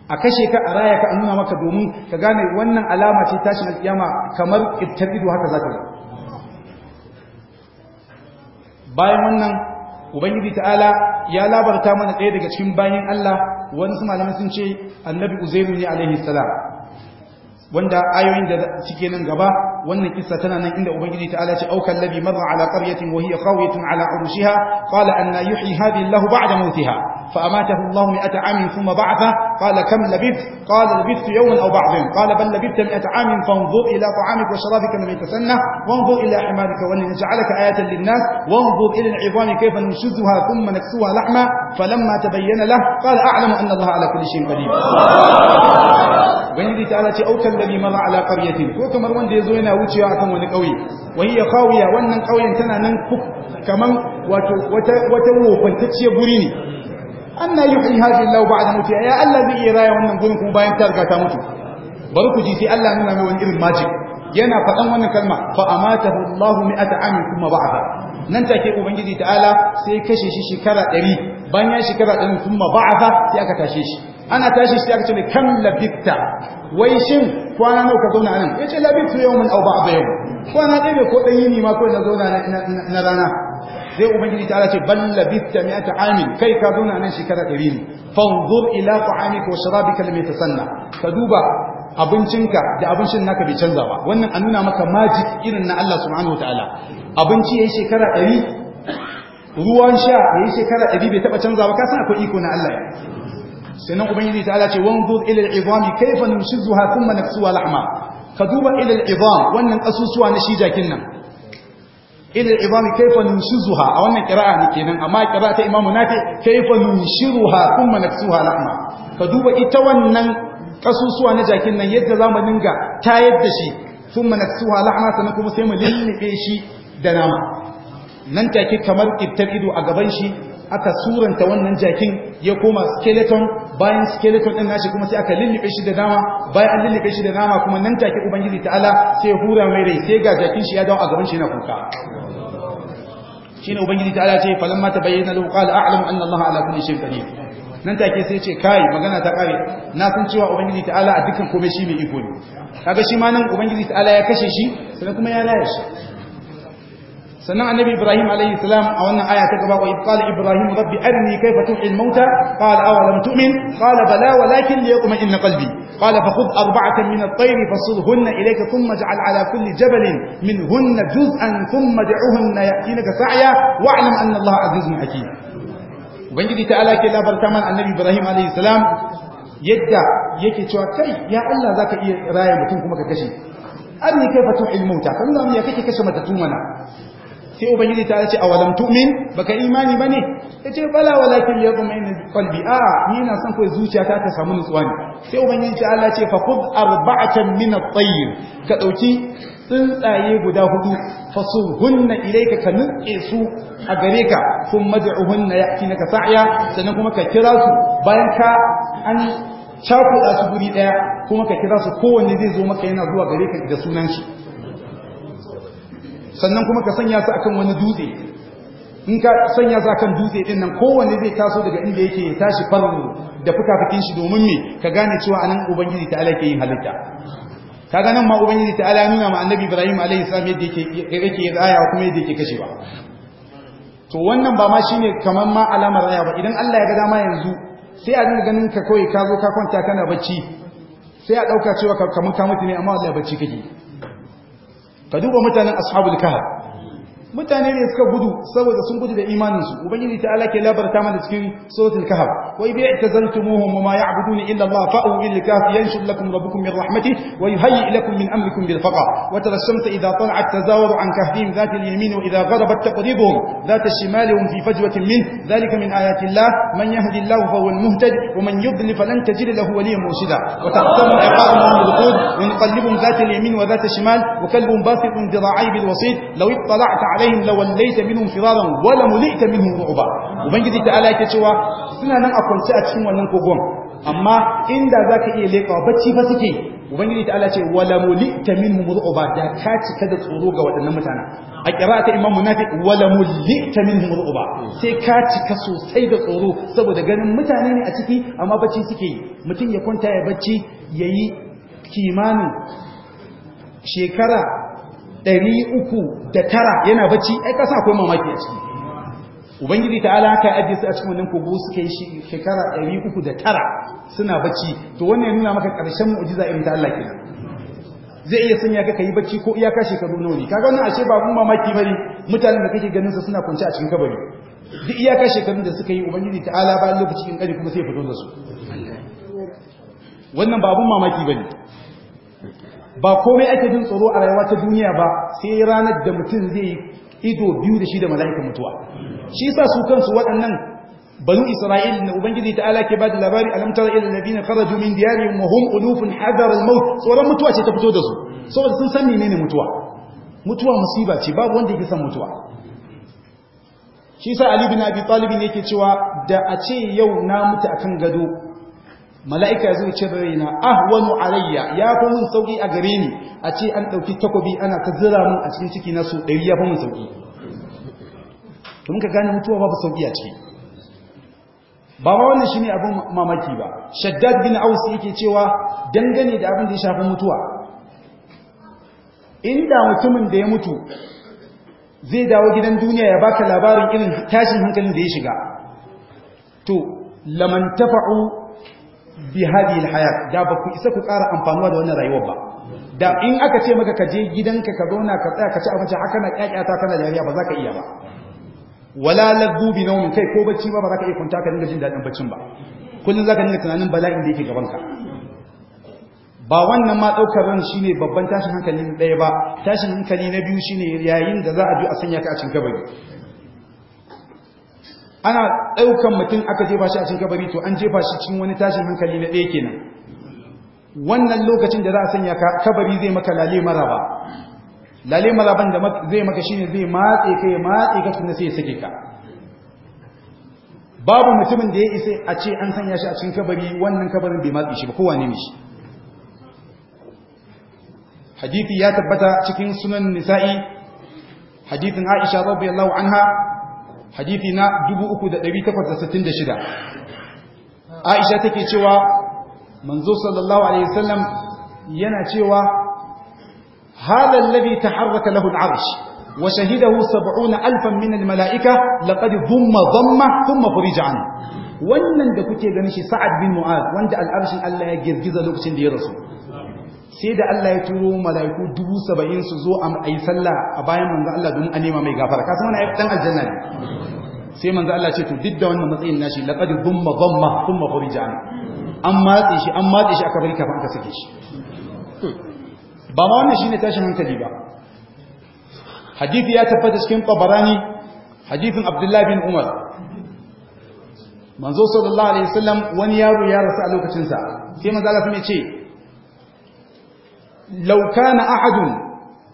a kashe ka a raya ka a nuna maka domin ka gane wannan alama ce tashin alkiyama kamar kittar ido haka zaka yi bayan wannan ubangiji ta'ala ya labarta mana ɗaya daga cikin bayan Allah wani su malamai sun ce annabi uzairu ne alaihi salam wanda ayoyin da suke nan gaba wannan kissa tana nan inda ubangiji ta'ala ce aukan ladhi marra ala qaryatin wa hiya qawiyatun ala urushiha qala anna yuhyi hadhihi Allahu ba'da mawtiha fa amatahu Allahu mi'ata amin thumma ba'atha قال كم لبثت قال لبثت يوما أو بعضا قال بل لبثت مئة عام فانظر إلى طعامك وشرابك لم يتسنى وانظر إلى حمارك ولنجعلك آية للناس وانظر إلى العظام كيف ننشزها ثم نكسوها لحما فلما تبين له قال أعلم أن الله على كل شيء قدير ubangiji ta ce aukan da limar ala qaryatin ko kamar wanda yazo yana wucewa akan wani kauye wahiya qawiya wannan kauyen tana nan kaman wato wata wata wofantacciyar guri ne anna yuhyi hadhihi Allah da mutiha ya Allah zai iya raya wannan gurin ku bayan ta riga ta mutu bari ku ji sai Allah nuna mai wani irin magic yana faɗan wannan kalma fa amatahu Allah mi'ata amin kuma ba'da nan take ubangiji ta'ala sai kashe shi shekara 100 bayan shekara 100 kuma ba'da sai aka tashe shi ana tashi shi aka ce mai kam labikta wai shin kwana nawa ka zauna nan ya ce labikta yau mun au ba'da yau kwana ɗaya ko ɗan yini ma ko na zauna na rana sai ubangiji ta ce balla bitta mi'ata amin kai ka zauna nan shekara ɗari ne fanzur ila ta'amika wa sharabika ta sanna. ka duba abincinka da abincin naka bai canza ba wannan an nuna maka magic irin na Allah subhanahu wataala abinci yayi shekara ɗari, ruwan sha yayi shekara ɗari bai taɓa canza ba ka san akwai iko na Allah Sai sannan ubangiji ta ce wanzur ila al'izami kayfa nushizuha thumma naksuha lahma ka duba ila al'izam wannan kasusuwa na shi jakin nan ilil imam kaifa nunshizuha a wannan qira'a ne kenan amma qira'a ta imamu nafi kaifa nunshiruha kuma naksuha lahma ka duba ita wannan kasusuwa na jakin nan yadda zamu dinga ta yadda shi kuma naksuha lahma sannan kuma sai mu lillife shi da nama nan take kamar kittar ido a gaban shi aka suranta wannan jakin ya koma skeleton bayan skeleton din nashi kuma sai aka lillife shi da nama bayan an lillife shi da nama kuma nan take ubangiji ta'ala sai hura mai rai sai ga jakin shi ya dawo a gaban shi yana kuka shine ubangiji ta'ala ce falamma tabayyana lahu qala a'lamu anna allaha ala kulli shay'in qadir nan take sai ce kai magana ta kare na san cewa ubangiji ta'ala a dukkan komai shi ne iko ne kaga shi ma nan ubangiji ta'ala ya kashe shi sai kuma ya laye shi sannan annabi ibrahim alayhi salam a wannan aya ta gaba wa qala ibrahim rabbi arni kayfa tuhyi al-mauta qala aw lam tu'min qala bala walakin liyaqma inna qalbi qala fakhudh arba'atan min at-tayr fasulhunna ilayka thumma ij'al ala kulli jabalin minhunna juz'an thumma ad'uhunna ya'tinaka sa'ya wa'lam anna allaha azizun hakim ubangiji ta ala ke labarta mana annabi ibrahim alayhi salam yadda yake cewa kai ya Allah zaka iya raya mutum kuma ka kashe arni kayfa tuhyi al-mauta kan ya kake kashe matattu mana sai ubangiji ta ce awalam tu'min baka imani bane yace bala walakin yatma'innu kalbi a ni yana son kai zuciya ta ta samu nutsuwa ne sai ubangiji ta Allah ce fa khudh arba'atan min at-tayr ka dauki tsuntsaye guda hudu fasuhunna ilayka ka nutse su a gare ka kun mad'uhunna ya'tinaka sa'ya sannan kuma ka kira su bayan ka an cakuɗa su guri ɗaya kuma ka kira su kowanne zai zo maka yana zuwa gare ka da sunan shi sannan kuma ka sanya su akan wani dutse in ka sanya su akan dutse din nan kowanne zai taso daga inda yake ya tashi farro da fukafukin shi domin me ka gane cewa anan ubangiji ta alake yin halitta Ka ga nan ma ubangiji ta ala nuna ma annabi ibrahim alaihi salam yadda yake yake kuma yadda yake kashewa to wannan ba ma shine kaman ma alamar raya ba idan Allah ya ga dama yanzu sai a dinga ganin ka kawai ka zo ka kwanta kana bacci sai a dauka cewa kamar ka mutu ne amma wallahi bacci kake ka mutanen ashabul kahf mutane ne suka gudu saboda sun gudu da imaninsu ubangiji ta alake labarta mana cikin suratul kahf wa ibi i'tazaltumuhum wa ma ya'buduna illa Allah fa'u bil kahf yanshur lakum rabbukum min rahmatihi wa yuhayyi lakum min amrikum bil faqa wa tara idha tala'at tazawaru an kahfihim dhat al-yamin wa idha gharabat taqribuhum dhat shimal shimalihum fi fajwatin min dhalika min ayati Allah man yahdi Allah fa huwa al-muhtadi wa man yudlil falan tajid lahu waliya mursida wa taqtamu iqamahum al-qud wa inqalibum dhat al-yamin wa dhat al shimal wa kalbun basitun dhira'ayhi bil wasit law ittala'ta alaihim lawallaita minhum firaran wa lamulita minhum ru'ba ubangiji ta ala yake cewa suna nan a kwance a cikin wannan kogon amma inda zaka iya leka bacci fa suke ubangiji ta ala ce wa minhum ru'ba da ka cika da tsoro ga wadannan mutanen a qira'ata imam munafiq wala mulita minhum ru'ba sai ka sosai da tsoro saboda ganin mutane ne a ciki amma bacci suke yi mutum ya kwanta ya bacci yayi kimanin shekara 309 yana bacci ai kasa akwai mamaki a ciki ubangiji ta ala haka ajiye su a cikin wannan kogo suka yi shekara 309 suna bacci to wannan ya nuna maka karshen mu'jiza irin ta Allah kenan zai iya sanya ka kai bacci ko iyaka shekaru nawa ne kaga wannan ashe ba mun mamaki bane mutanen da kake ganin su suna kwance a cikin kabari duk iyaka shekarun da suka yi ubangiji ta ala ba in kare kuma sai ya fito da su wannan ba mamaki bane ba komai ake jin tsoro a rayuwa ta duniya ba sai ranar da mutum zai yi ido biyu da shi da mala'ikan mutuwa shi sa su kansu waɗannan banu isra'il na ubangiji ta ala ke ba da labari alam tara ila alladhina kharaju min diyarihim wa hum ulufun hadar al-maut tsoron mutuwa ce ta fito da su saboda sun san menene mutuwa mutuwa musiba ce babu wanda yake san mutuwa shi sa ali bin abi talib ne yake cewa da a ce yau na mutu akan gado mala'ika ya ce da raina ahwanu alayya ya fi mun sauki a gare ni a ce an ɗauki takobi ana ta zira mun a cikin ciki na su ɗari ya fi mun sauki to muka gane mutuwa ba sauki a ciki ba ma wannan shine abin mamaki ba shaddad bin aus yake cewa dangane da abin da ya shafa mutuwa inda mutumin da ya mutu zai dawo gidan duniya ya baka labarin irin tashin hankalin da ya shiga to lamantafa'u. bi hadhihi alhayat da ba ku isa ku ƙara amfanuwa da wannan rayuwar ba da in aka ce maka ka je gidanka ka zauna ka tsaya ka ci abinci haka na kyakyata kana da yariya ba za ka iya ba wala lagu bi nawm kai ko bacci ba ba za ka iya kwanta ka dinga jin daɗin baccin ba kullum za ka dinga tunanin bala'in da yake gaban ka ba wannan ma ɗaukar ran shi babban tashin hankali na ɗaya ba tashin hankali na biyu shine yayin da za a bi a sanya ka a cikin kabari ana ɗaukan mutum aka jefa shi a cikin kabari to an jefa shi cikin wani tashin hankali na ɗaya kenan wannan lokacin da za a sanya kabari zai maka lale maraba lale maraban da zai maka shine zai matse ka matse ka kuma sai ya sake ka babu mutumin da ya isa a ce an sanya shi a cikin kabari wannan kabarin bai matse shi ba kowa ne shi hadithi ya tabbata cikin sunan nisa'i hadithin aisha radiyallahu anha hadithi na 3866 Aisha take cewa manzo sallallahu alaihi wasallam yana cewa hada alladhi taharraka lahu al'arsh wa shahidahu 70000 min almalaiika laqad dhumma dhamma thumma furija an wannan da kuke ganin shi sa'ad bin mu'az wanda al'arshin Allah ya girgiza lokacin da ya rasu sai da Allah ya turo mala'iku dubu saba'in su zo a yi sallah a bayan manzo Allah domin a nema mai gafara Kasu wani ayyukan aljanna ne sai manzo Allah ce to duk da wannan matsayin nashi laqad dhumma dhamma thumma khurija an matse shi an matse shi aka bari kafin aka sake shi ba ma wannan shine tashin hankali ba hadisi ya tabbata cikin tabarani hadisin Abdullah bin Umar manzo sallallahu alaihi wasallam wani yaro ya rasu a lokacin sa sai manzo Allah ya ce Lauka لو كان أحد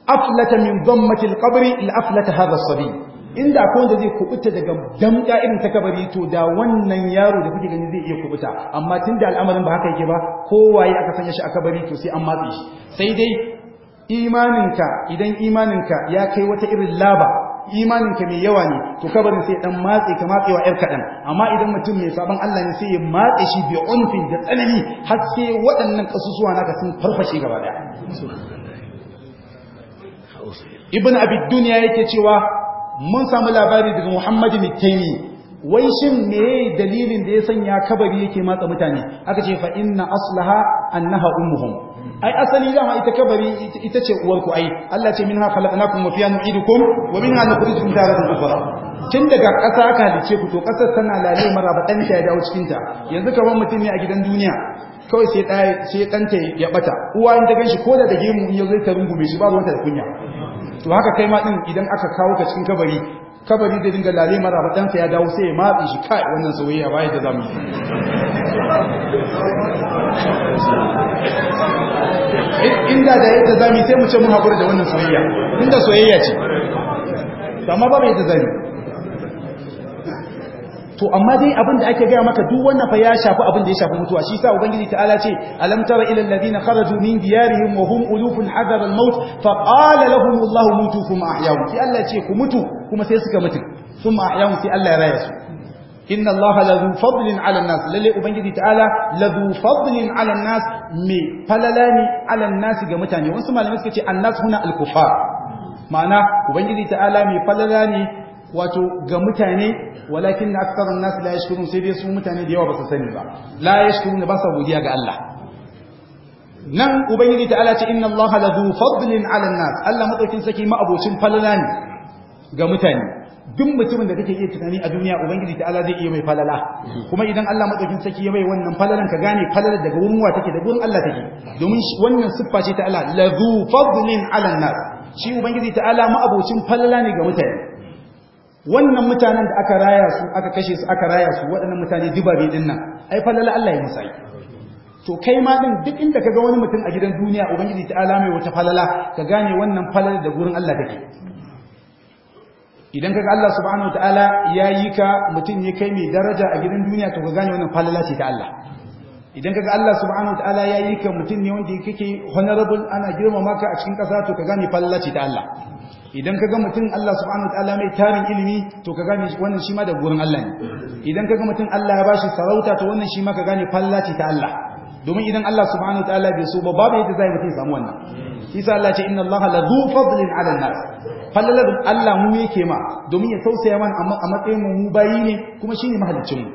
أفلت من ضمة القبر لأفلت هذا الصبي inda akwai wanda zai kubuta daga damka irin ta kabari to da wannan yaro da kuke gani zai iya kubuta amma tunda al'amarin ba haka yake ba kowaye aka sanya shi a kabari to sai an matse sai dai imaninka idan imaninka ya kai wata irin laba imaninka mai yawa ne to kabarin sai dan matse ka matsewa yar kaɗan amma idan mutum mai sabon Allah ne sai ya matse shi bi unfin da tsanani haske waɗannan kasusuwa naka sun farfashe gaba daya ibn abi duniya yake cewa mun samu labari daga muhammadin taimi wai shin me dalilin da ya sanya kabari yake matsa mutane aka ce fa inna aslaha annaha ummuhum ai asali dama ita kabari ita ce uwarku ai Allah ce minha khalaqnakum wa fiha nu'idukum wa minha nukhrijukum daratan ukhra tun daga ƙasa aka halice ku to ƙasar tana lale mara ta ya dawo cikin ta yanzu kaman mutum ne a gidan duniya kawai sai ɗaya sai ɗanta ya ɓata uwa in ta gan shi ko da dage mu in zai ta rungume shi babu wata da kunya to haka kai ma ɗin idan aka kawo ka cikin kabari kabari da dinga lale mara ba ɗansa ya dawo sai ya matsi shi kai wannan soyayya baya da zamu inda da yadda zamu sai mu ce mun haƙura da wannan soyayya inda soyayya ce amma ba mai da zamu to amma dai abinda ake gaya maka duk wannan fa ya shafi abinda ya shafi mutuwa shi sa ubangiji ta'ala ce alam tara ila alladhina kharaju min diyarihim wa hum ulufun hadar al-maut fa qala lahum Allahu mutu thumma ahyahum sai Allah ce ku mutu kuma sai suka mutu thumma ahyahum sai Allah ya raya su inna allaha ladhu fadlin 'ala nas lalle ubangiji ta'ala ladhu fadlin 'ala an-nas me falalani 'ala nas ga mutane wasu malamai suka ce annas huna al-kufar ma'ana ubangiji ta'ala mai falala ne wato ga mutane walakin na aksarun nasu la yashkurun sai dai su mutane da yawa ba su sani ba la ne ba sa godiya ga Allah nan ubangiji ta ala ce inna Allah la zu fadlin ala nas Allah madaukin saki ma abocin falala ne ga mutane duk mutumin da kake iya tunani a duniya ubangiji ta ala zai iya mai falala kuma idan Allah madaukin saki ya mai wannan falalan ka gane falalar daga wurin wa take da wurin Allah take domin wannan siffa ce ta la zu fadlin ala nas shi ubangiji ta ala ma abocin falala ne ga mutane wannan mutanen da aka raya su aka kashe su aka raya su waɗannan mutane dubabe din nan ai fa Allah ya musayi to kai ma din duk inda kaga wani mutum a gidan duniya ubangiji ta'ala mai wata falala ka gane wannan falala da gurin Allah take idan kaga Allah subhanahu wataala yi ka mutum ne kai mai daraja a gidan duniya to ka gane wannan falala ce ta Allah idan kaga Allah subhanahu wataala yi ka mutum ne wanda kake honorable ana girmama ka a cikin kasa to ka gane falala ce ta Allah idan ka ga mutum Allah subhanahu wataala mai tarin ilimi to ka gane wannan shi ma da gurin Allah ne idan ka ga mutum Allah ya bashi sarauta to wannan shi ma ka gane fallaci ta Allah domin idan Allah subhanahu wataala bai so ba babu yadda zai mutum samu wannan shi sa Allah ce inna Allah la dhu fadlin 'ala an-nas fallalar Allah mu yake ma domin ya tausaya mana amma a matsayin mu bayi ne kuma shine mahaliccin mu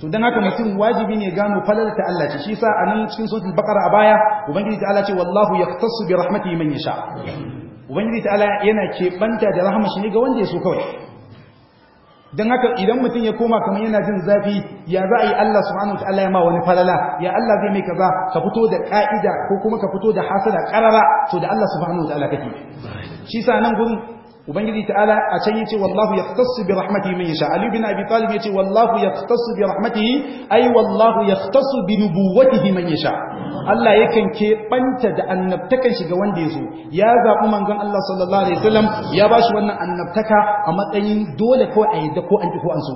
so dan haka mutum wajibi ne gano falalar ta Allah ce shi sa anan cikin suratul baqara a baya ubangiji ta Allah ce wallahu yaqtasu bi rahmatihi man yasha ubangiji ta'ala yana keɓanta da rahama shi ne ga wanda ya so kawai don haka idan mutum ya koma kamar yana jin zafi ya za a yi Allah subhanahu wa ta'ala ya ma wani falala ya Allah zai mai kaza ka fito da ka'ida ko kuma ka fito da hasada karara to da Allah subhanahu wa ta'ala kake shi sa nan gurin ubangiji ta'ala a can yace wallahu yahtassu bi rahmatihi man yasha ali bin abi talib yace wallahu yahtassu bi rahmatihi ay wallahu yahtassu bi nubuwwatihi man yasha Allah yakan ke banta da annabtakan shi ga wanda yaso ya zabi manzon Allah sallallahu alaihi wasallam ya bashi wannan annabtaka a matsayin dole ko a yadda ko an ji ko an so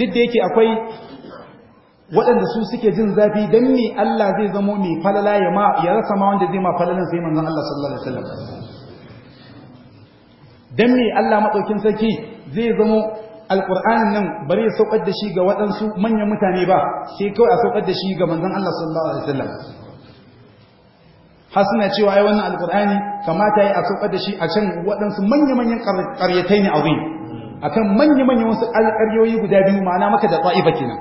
duk da yake akwai waɗanda su suke jin zafi don me Allah zai zamo mai falala ya rasa ma wanda zai ma falalan sai manzon Allah sallallahu alaihi wasallam Don me Allah madaukin sarki zai zamo alqur'anin nan bare ya saukar da shi ga waɗansu manyan mutane ba sai kawai a saukar da shi ga manzon Allah sallallahu alaihi wasallam har suna cewa ai wannan Alƙur'ani kamata yi a saukar da shi a can waɗansu manya-manyan ƙaryatai ne azim akan manya-manyan wasu alƙaryoyi guda biyu ma'ana maka da ta'ifa kenan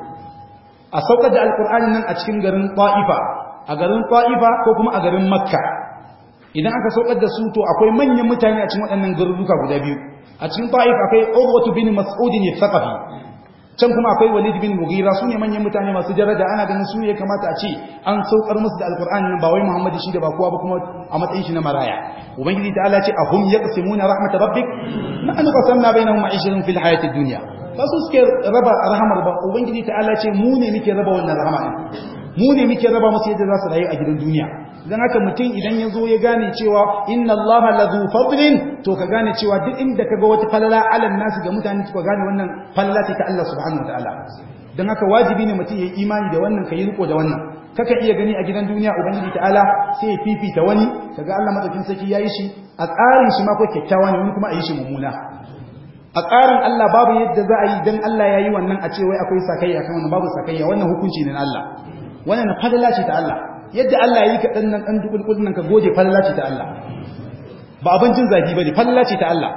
a saukar da alqur'ani nan a cikin garin ta'ifa a garin ta'ifa ko kuma a garin makka idan aka saukar da su to akwai manyan mutane a cikin waɗannan garuruka guda biyu a cikin ta'if akwai urwatu bin mas'ud ne thaqafi can kuma akwai walid bin mughira sune manyan mutane masu daraja ana ganin su ne kamata a ce an saukar musu da alqur'ani ba wai muhammad shi da ba kowa ba kuma a matsayin shi na maraya ubangiji ta Allah ce ahum yaqsimuna rahmat rabbik nahnu qasamna bainahum ma'ishatan fil hayati dunya ba su suke raba rahamar ba ubangiji ta Allah ce mu ne muke raba wannan rahama mu ne muke raba musu yadda za su rayu a gidan duniya don haka mutum idan ya zo ya gane cewa inna Allah la zu fadlin to ka gane cewa duk inda ka ga wata falala alal nasu ga mutane ka gane wannan falala ce ta Allah subhanahu wa ta'ala. don haka wajibi ne mutum ya yi imani da wannan ka yi riko da wannan kaka iya gani a gidan duniya ubangiji ta'ala sai fifi fifita wani kaga Allah madaukin saki yayi shi a tsarin shi ma ko kyakkyawa ne wani kuma a yi shi mummuna a tsarin Allah babu yadda za a yi dan Allah yayi wannan a ce wai akwai sakayya kan wannan babu sakayya wannan hukunci ne na Allah wannan falala ce ta Allah yadda Allah ya yi ka dan nan ɗan dukulkul nan ka goje fallaci ta Allah ba abin jin zagi bane falala ce ta Allah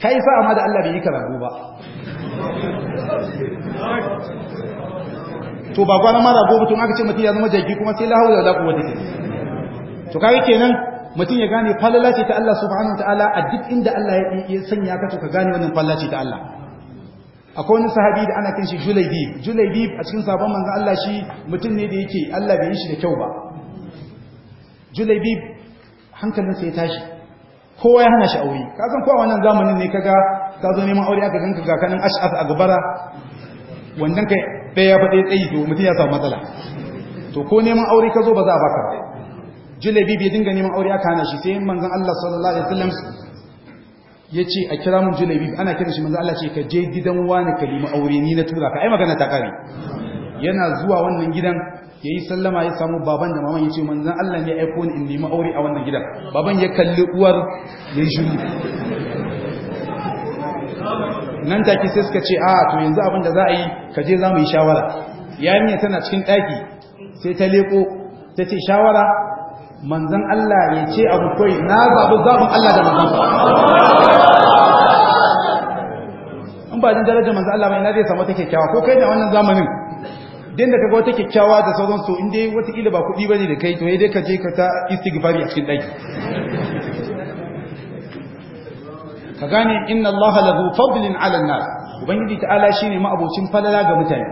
Ka yi sa amma da Allah bai yi ka rago ba to ba gwana mara gobe tun aka ce mutum ya zama jaki kuma sai lahau da zaku wata to yi kenan mutum ya gane fallaci ta Allah subhanahu ta'ala, a duk inda Allah ya sanya ka to ka gane wannan fallaci ta Allah akwai wani sahabi da ana kan shi Julaibib Julaibib a cikin sabon manzan Allah shi mutum ne da yake Allah bai yi shi da kyau ba Julaibib hankalinsa ya tashi kowa ya hana shi aure ka san kowa wannan zamanin ne kaga ka zo neman aure aka ganka ga kanin ash'af a gabara wannan kai bai ya faɗe tsayi to mutum ya samu matsala to ko neman aure ka zo ba za a baka Julaibib ya dinga neman aure aka hana shi sai manzan Allah sallallahu alaihi wasallam ya ce a kira mun julabi ana kira shi manzo Allah ce ka je gidan wani ka nemi aure ni na tura ka ai magana ta kare yana zuwa wannan gidan ya yi sallama ya samu baban da maman ya ce manzan Allah ya aiko ni in nemi aure a wannan gidan baban ya kalli uwar ya yi nan take sai suka ce a to yanzu abin da za a yi ka je za mu yi shawara yarinya tana cikin ɗaki sai ta leko ta ce shawara manzan Allah ya ce abu kai na zaɓi zaɓin Allah da manzan in ba jin darajar manzan Allah mai na zai samu ta kyakkyawa ko kai da wannan zamanin din da kaga wata kyakkyawa da sauran inda in wataƙila ba kuɗi bane da kai to dai ka je ka ta istighfari a cikin ɗaki ka gane inna Allah lahu fadlin 'ala an-nas ubangiji ta'ala shine ma'abocin falala ga mutane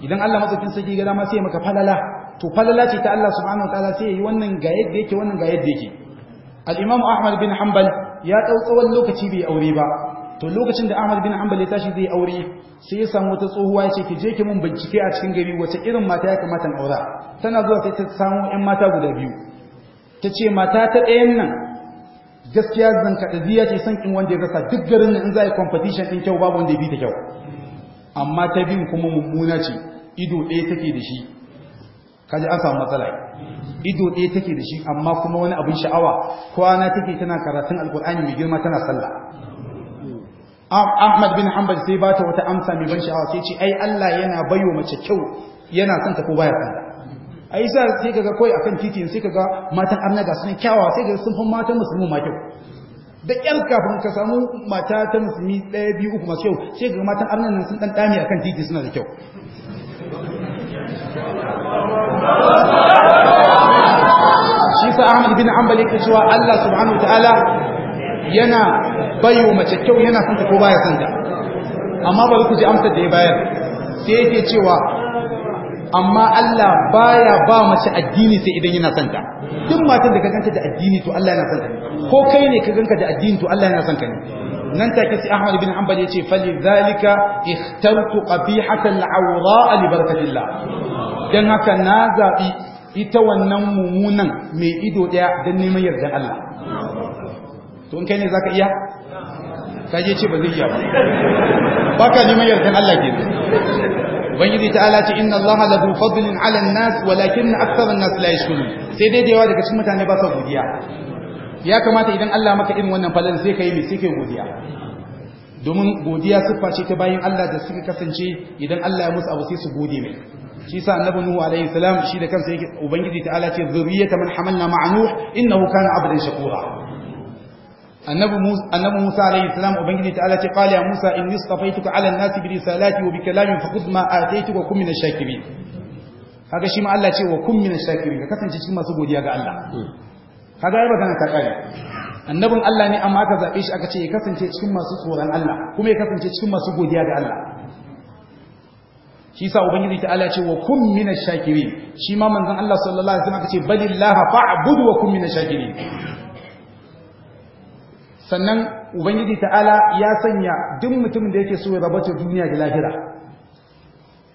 idan Allah madaukin sarki ga dama sai maka falala to falala ce ta Allah subhanahu ta'ala sai yayi wannan ga yadda yake wannan ga yadda yake al-imam ahmad bin hanbal ya dau tsawon lokaci bai aure ba to lokacin da ahmad bin hanbal ya tashi zai aure sai ya samu wata tsohuwa ya ce ki je ki mun bincike a cikin gari wace irin mata ya kamata na aura tana zuwa sai ta samu 'yan mata guda biyu ta ce mata ta ɗayan nan gaskiya zan ziya ce san in wanda ya rasa duk garin in za a yi competition ɗin kyau babu wanda ya bi ta kyau amma ta biyun kuma mummuna ce ido ɗaya take da shi kaji an samu matsala ido ɗaya take da shi amma kuma wani abin sha'awa kwana take tana karatun alkur'ani mai girma tana sallah Ahmad bin Hanbal sai ba ta wata amsa mai ban sha'awa sai ce ai Allah yana bayo mace kyau yana son ta ko baya son a yi sa sai kaga kawai akan titi sai kaga matan arna ga sun kyawawa sai kaga sun fi matan musulmi ma kyau da ƴan kafin ka samu mata ta musulmi ɗaya biyu uku masu kyau sai kaga matan arna nan sun ɗan ɗami akan titi suna da kyau shi sa ahmad bin hanbal yake cewa Allah subhanahu ta'ala yana bayo mace kyau yana santa ko baya santa amma ba ku ji amsar da ya bayar sai yake cewa amma Allah baya ba mace addini sai idan yana santa, duk matan da ka ganta da addini to Allah yana santa ko kai ne ka ganka da addini to Allah yana santa ne nan take sai Ahmad bin Hanbal yace fali zalika ikhtartu qabihatan al-awra li barakatillah dan haka na zabi ita wannan mumunan mai ido daya dan neman yardan Allah to in kai ne zaka iya ka je ce ba zai iya ba baka neman yardan Allah ke ubangiji ta'ala ce inna allaha lahu fadlin 'ala an-nas walakin akthara an-nas la yashkurun sai dai da yawa daga cikin mutane ba sa godiya ya kamata idan Allah maka irin wannan falon sai kai mai sai ka yi godiya domin godiya siffa ce ta bayan Allah da suka kasance idan Allah ya musu abu sai su gode mai shi sa annabi nuhu alaihi salam shi da kansa yake ubangiji ta'ala ce zurriyatan man hamalna ma'a nuh innahu kana abdan shakura annabi musa annabi musa alaihi salam ubangiji ta'ala ce qala ya musa inni istafaituka 'ala an-nasi bi risalati wa bi kalami fa khudh ma ataytuka kum min ash-shakirin kaga shi ma Allah ce wa kum min ash-shakirin ka kasance cikin masu godiya ga Allah kaga ai magana ta kare annabin Allah ne amma aka zabe shi aka ce ya kasance cikin masu tsoron Allah kuma ya kasance cikin masu godiya ga Allah shi sa ubangiji ta Allah ce wa kun minash Shakiri shi ma manzon Allah sallallahu alaihi wasallam aka ce balillaha fa'budu wa kun minash Shakiri sannan ubangiji ta'ala ya sanya duk mutumin da yake so ya rabata duniya da lahira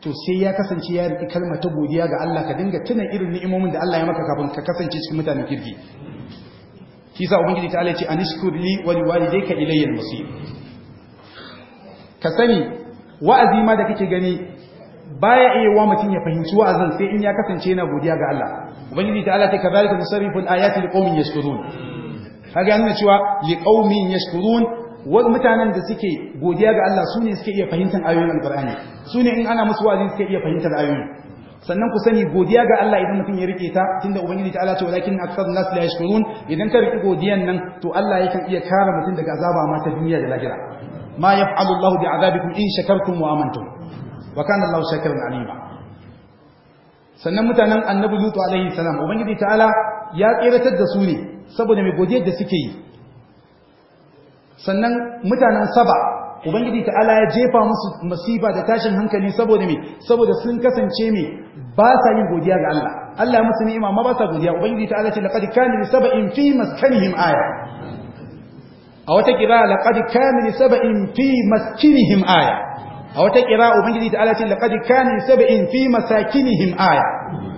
to sai ya kasance ya riƙi kalmar ta godiya ga Allah ka dinga tuna irin ni'imomin da Allah ya maka kafin ka kasance cikin mutanen kirki shi ubangiji ta ala ce anishkur li wa liwalidayka ka sani wa'azi ma da kake gani baya iya wa mutum ya fahimci wa'azin sai in ya kasance yana godiya ga Allah ubangiji ta ala ce kadhalika nusarrifu al-ayati liqaumin yashkurun kaga yana cewa liqaumin yashkurun wani mutanen da suke godiya ga Allah sune suke iya fahimtar ayoyin alkur'ani su in ana musu wa'azi suke iya fahimtar ayoyin sannan ku sani godiya ga Allah idan mutum ya rike ta tunda ubangiji ta'ala ce walakin akthar nas la yashkurun idan ka rike godiyan nan to Allah yakan iya kare mutum daga azaba ma ta duniya da lahira ma yaf'alu Allahu bi'adabikum in shakartum wa amantum wa kana Allahu shakiran alima sannan mutanen annabi lutu alaihi salam ubangiji ta'ala ya tsiratar da su ne saboda mai godiyar da suke yi sannan mutanen saba ubangiji ta'ala ya jefa musu masifa da tashin hankali saboda me saboda sun kasance me ba sa yin godiya ga Allah Allah musu ni'ima ma ba sa godiya ubangiji ta'ala ce laqad kana li sab'in fi maskanihim aya a wata kira laqad kana li sab'in fi maskinihim aya a wata kira'a ubangiji ta ala ce laqad kana sab'in fi masakinihim aya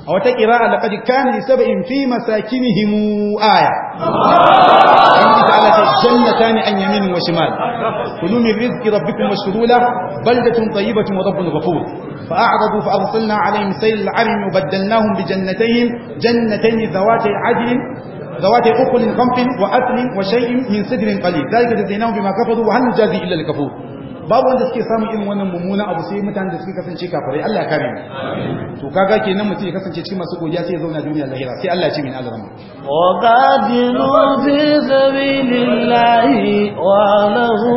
a wata kira'a laqad kana sab'in fi masakinihim aya ubangiji ta ala ce jannatani an yamin wa shimal kulu min rizqi rabbikum washkuru la baldatun tayyibatun wa rabbun ghafur فأعرضوا فأرسلنا عليهم سيل العرم وبدلناهم بجنتين جنتين ذواتي عدل ذوات أقل خمط وأثل وشيء من سدر قليل ذلك جزيناهم بما كفروا وهل نجازي إلا الكفور babu wanda suke samun irin wannan mummunan abu sai mutanen da suke kasance kafirai Allah ya kare mu to kaga kenan mutum ya kasance cikin masu godiya sai ya zauna duniya lahira sai Allah ya ce min azrama wa qadiru fi sabilillahi wa lahu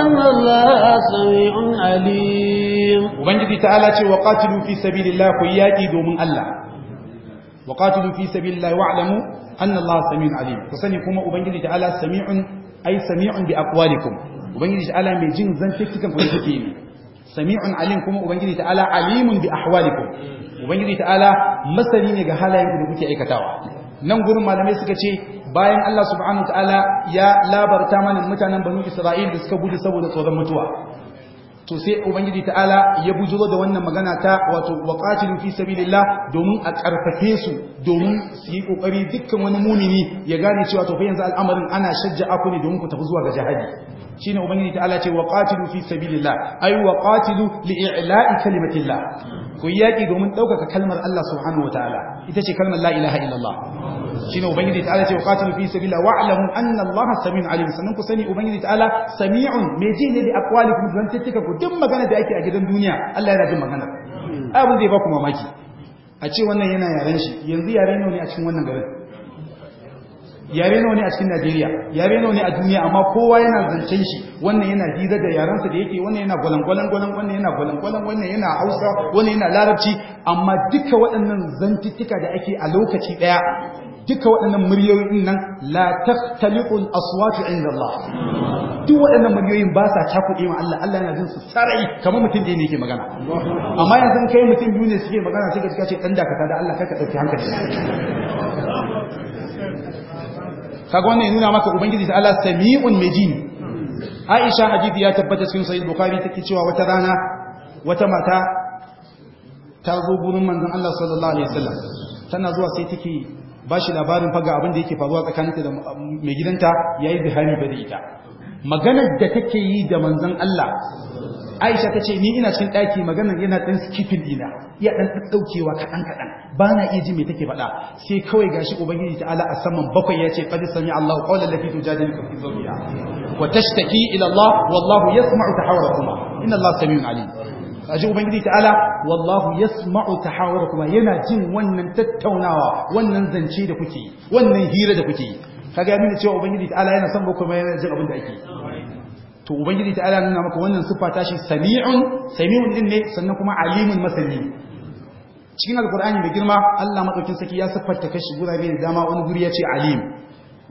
anna Allah sami'un alim ubangiji ta'ala ce wa qatilu fi sabilillahi ku yaki domin Allah wa qatilu fi sabilillahi wa'lamu anna Allah sami'un alim ku sani kuma ubangiji ta'ala sami'un ay sami'un bi aqwalikum ubangiji ta'ala mai jin zantattukan kuma suke ne sami'un alim kuma ubangiji ta'ala alimun bi ahwalikum ubangiji ta'ala masani ne ga halayenku da kuke aikatawa nan gurin malamai suka ce bayan Allah subhanahu ta'ala ya labarta mana mutanen banu Isra'il da suka gudu saboda tsoron mutuwa to sai ubangiji ta'ala ya bujuro da wannan magana ta wato waqatilu fi sabilillah domin a karfafe su domin su yi kokari dukkan wani mumini ya gane cewa to fa yanzu al'amarin ana shajja'a ku ne domin ku tafi zuwa ga jihadi shine ubangiji ta'ala ce waqatilu fi sabilillah ay waqatilu li i'la'i kalimatillah ku yaki domin ɗaukaka kalmar Allah subhanahu ita ce kalmar la ilaha illallah shine ubangiji ta'ala ce qatilu fi sabila wa'lamu anna allaha samiun alim sannan ku sani ubangiji ta'ala sami'u me ne da aqwalikum zan tattika ku duk magana da ake a gidan duniya Allah yana jin magana abin zai ba ku mamaki a ce wannan yana yaren shi yanzu yare nawa ne a cikin wannan garin yare nawa ne a cikin Najeriya yare nawa ne a duniya amma kowa yana zancen shi wannan yana diza da yarensa da yake wannan yana gwalangwalan gwalan wannan yana gwalangwalan wannan yana Hausa wannan yana Larabci amma duka waɗannan zantuttuka da ake a lokaci ɗaya duka waɗannan muryoyin nan la taftaliqul aswatu inda Allah duk waɗannan muryoyin ba sa cakuɗe ma Allah Allah yana jin su sarai kamar mutum ne yake magana amma yanzu in kai mutum biyu ne suke magana sai ka ce dan dakata da Allah kai ka dauki hankali kaga wannan ya nuna maka ubangiji ta Allah sami'un majin Aisha hadisi ya tabbata cikin sahih Bukhari take cewa wata rana wata mata ta zo gurin manzon Allah sallallahu alaihi wasallam tana zuwa sai take ba shi labarin faga abin da yake faruwa tsakaninta da mai gidanta ya yi bihari ba da ita maganar da take yi da manzan Allah Aisha ta ce ni ina cikin daki maganar yana ɗan skipping ɗina iya ɗan ɗaukewa kaɗan kaɗan ba na iya ji mai take faɗa sai kawai gashi ubangiji ta'ala a saman bakwai ya ce qad sami Allah qawla lati tujadiluka fi zawjiha wa tashtaki ila Allah wallahu yasma'u tahawurakuma inna Allah samiun alim aji ubangiji ta'ala wallahu yasma'u tahawurakuma yana jin wannan tattaunawa wannan zance da kuke wannan hira da kuke yi kaga mini cewa ubangiji ta'ala yana son kuma yana jin abin da ake to ubangiji ta'ala nuna maka wannan siffa tashi sami'un sami'un din ne sannan kuma alimun masani cikin alkur'ani da girma Allah madaukin saki ya siffarta kashi guda gurare da dama wani guri ya ce alim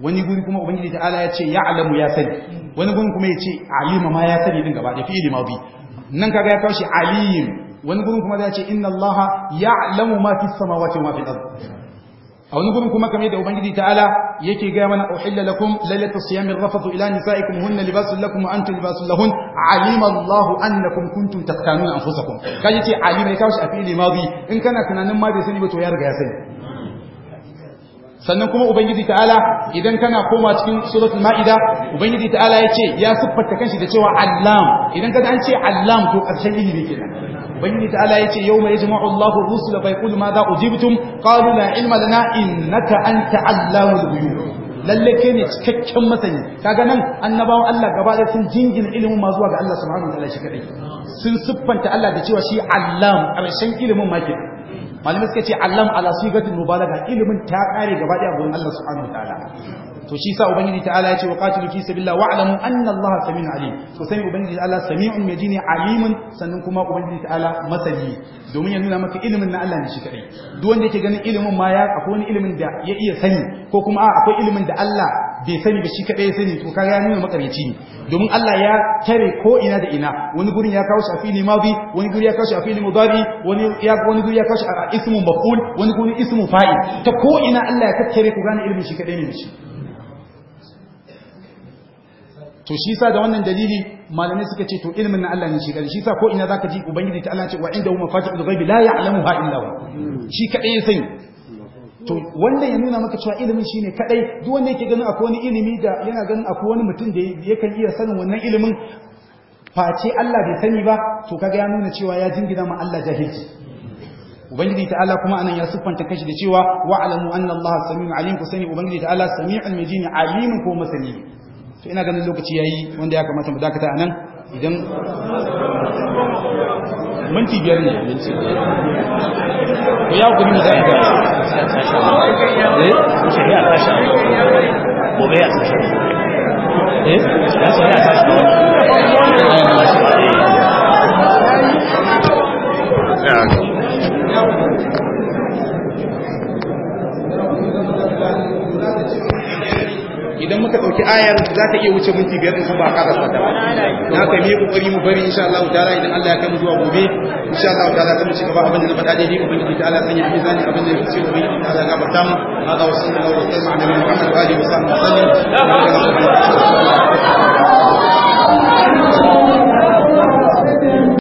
wani guri kuma ubangiji ta'ala ya ce ya'lamu ya sani wani guri kuma ya ce alima ma ya sani din gaba da fi ma bi nan kaga ya kawo shi aliyin wani gurin kuma zai ce inna allaha ya'lamu ma fi samawati wa ma fil ard a wani gurin kuma kamar yadda ubangiji ta'ala yake ga mana uhilla lakum lailatul siyami rafatu, ila nisaikum hunna libasul lakum wa antum libasul lahun alima allahu annakum kuntum taqtanuna anfusakum kaje ce alima ya kawo a fili madi in kana tunanin ma bai sani ba to ya riga ya sani sannan kuma ubangiji ta'ala idan kana koma cikin suratul ma'ida ubangiji ta'ala ya ce ya siffanta kanshi da cewa allam idan kada an ce allam to karshen ilimi kenan ubangiji ta'ala ya ce yawma yajma'u Allahu ar-rusula fa yaqulu madha ujibtum qalu la ilma lana innaka anta allamul ghuyub lalle kai ne cikakken masani kaga nan annabawan Allah gaba da sun jingina ilimin ma zuwa ga Allah subhanahu wa ta'ala shi kadai sun siffanta Allah da cewa shi allam karshen ilimin ma kenan malamai suka ce allam ala sigatin mubalaga ilimin ta kare gaba daya gurin Allah subhanahu wataala to shi sa ubangiji ta'ala ya ce wa qatilu fi sabilillah wa alamu anna Allah samiun alim to sai ubangiji Allah samiun majini alimun sannan kuma ubangiji ta'ala masani domin ya nuna maka ilimin na Allah ne shi kadai duk wanda yake ganin ilimin ma ya akwai wani ilimin da ya iya sani ko kuma akwai ilimin da Allah bai sani ba shi kadai ya sani to kaga ya nuna makarici ne domin Allah ya tare ko ina da ina wani gurin ya kawo shi a fili wani gurin ya kawo shi a fili mudari wani ya wani gurin ya kawo shi a ismun maf'ul wani gurin ismun fa'i ta ko ina Allah ya tattare ku gane ilmin shi kadai ne shi to shi sa da wannan dalili malamai suka ce to ilmin na Allah ne shi kadai shi sa ko ina zaka ji ubangiji ta Allah ce wa indahu mafatihul ghaibi la ya'lamuha illa hu shi kadai ya sani to wanda ya nuna maka cewa ilimin shine kadai duk wanda yake ganin akwai wani ilimi da yana ganin akwai wani mutum da yakan iya sanin wannan ilimin face Allah bai sani ba to kaga ya nuna cewa ya jingina ma Allah jahilci ubangiji Allah kuma anan ya siffanta kashi da cewa alamu anna Allah samiu alim ku sani ubangiji ta'ala sami'ul mujini alimin ko masani to ina ganin lokaci yayi wanda ya kamata mu dakata anan idan minti biyar ne minti ku ya kuri mu zai gaya eh shi ya gobe ya tashi eh ya sai ya tashi idan muka dauki ayar za ta iya wuce minti biyar kuma ba ka rasa ta ba na ka mi kokari mu bari insha Allah ta'ala idan Allah ya kai mu zuwa gobe insha Allah ta'ala kuma ci gaba abin da faɗa dai ubangiji Allah sanya mizani abin da yake gobe ta'ala ga barta mu hada wa sallallahu alaihi wa sallam ala muhammad wa alihi wa sahbihi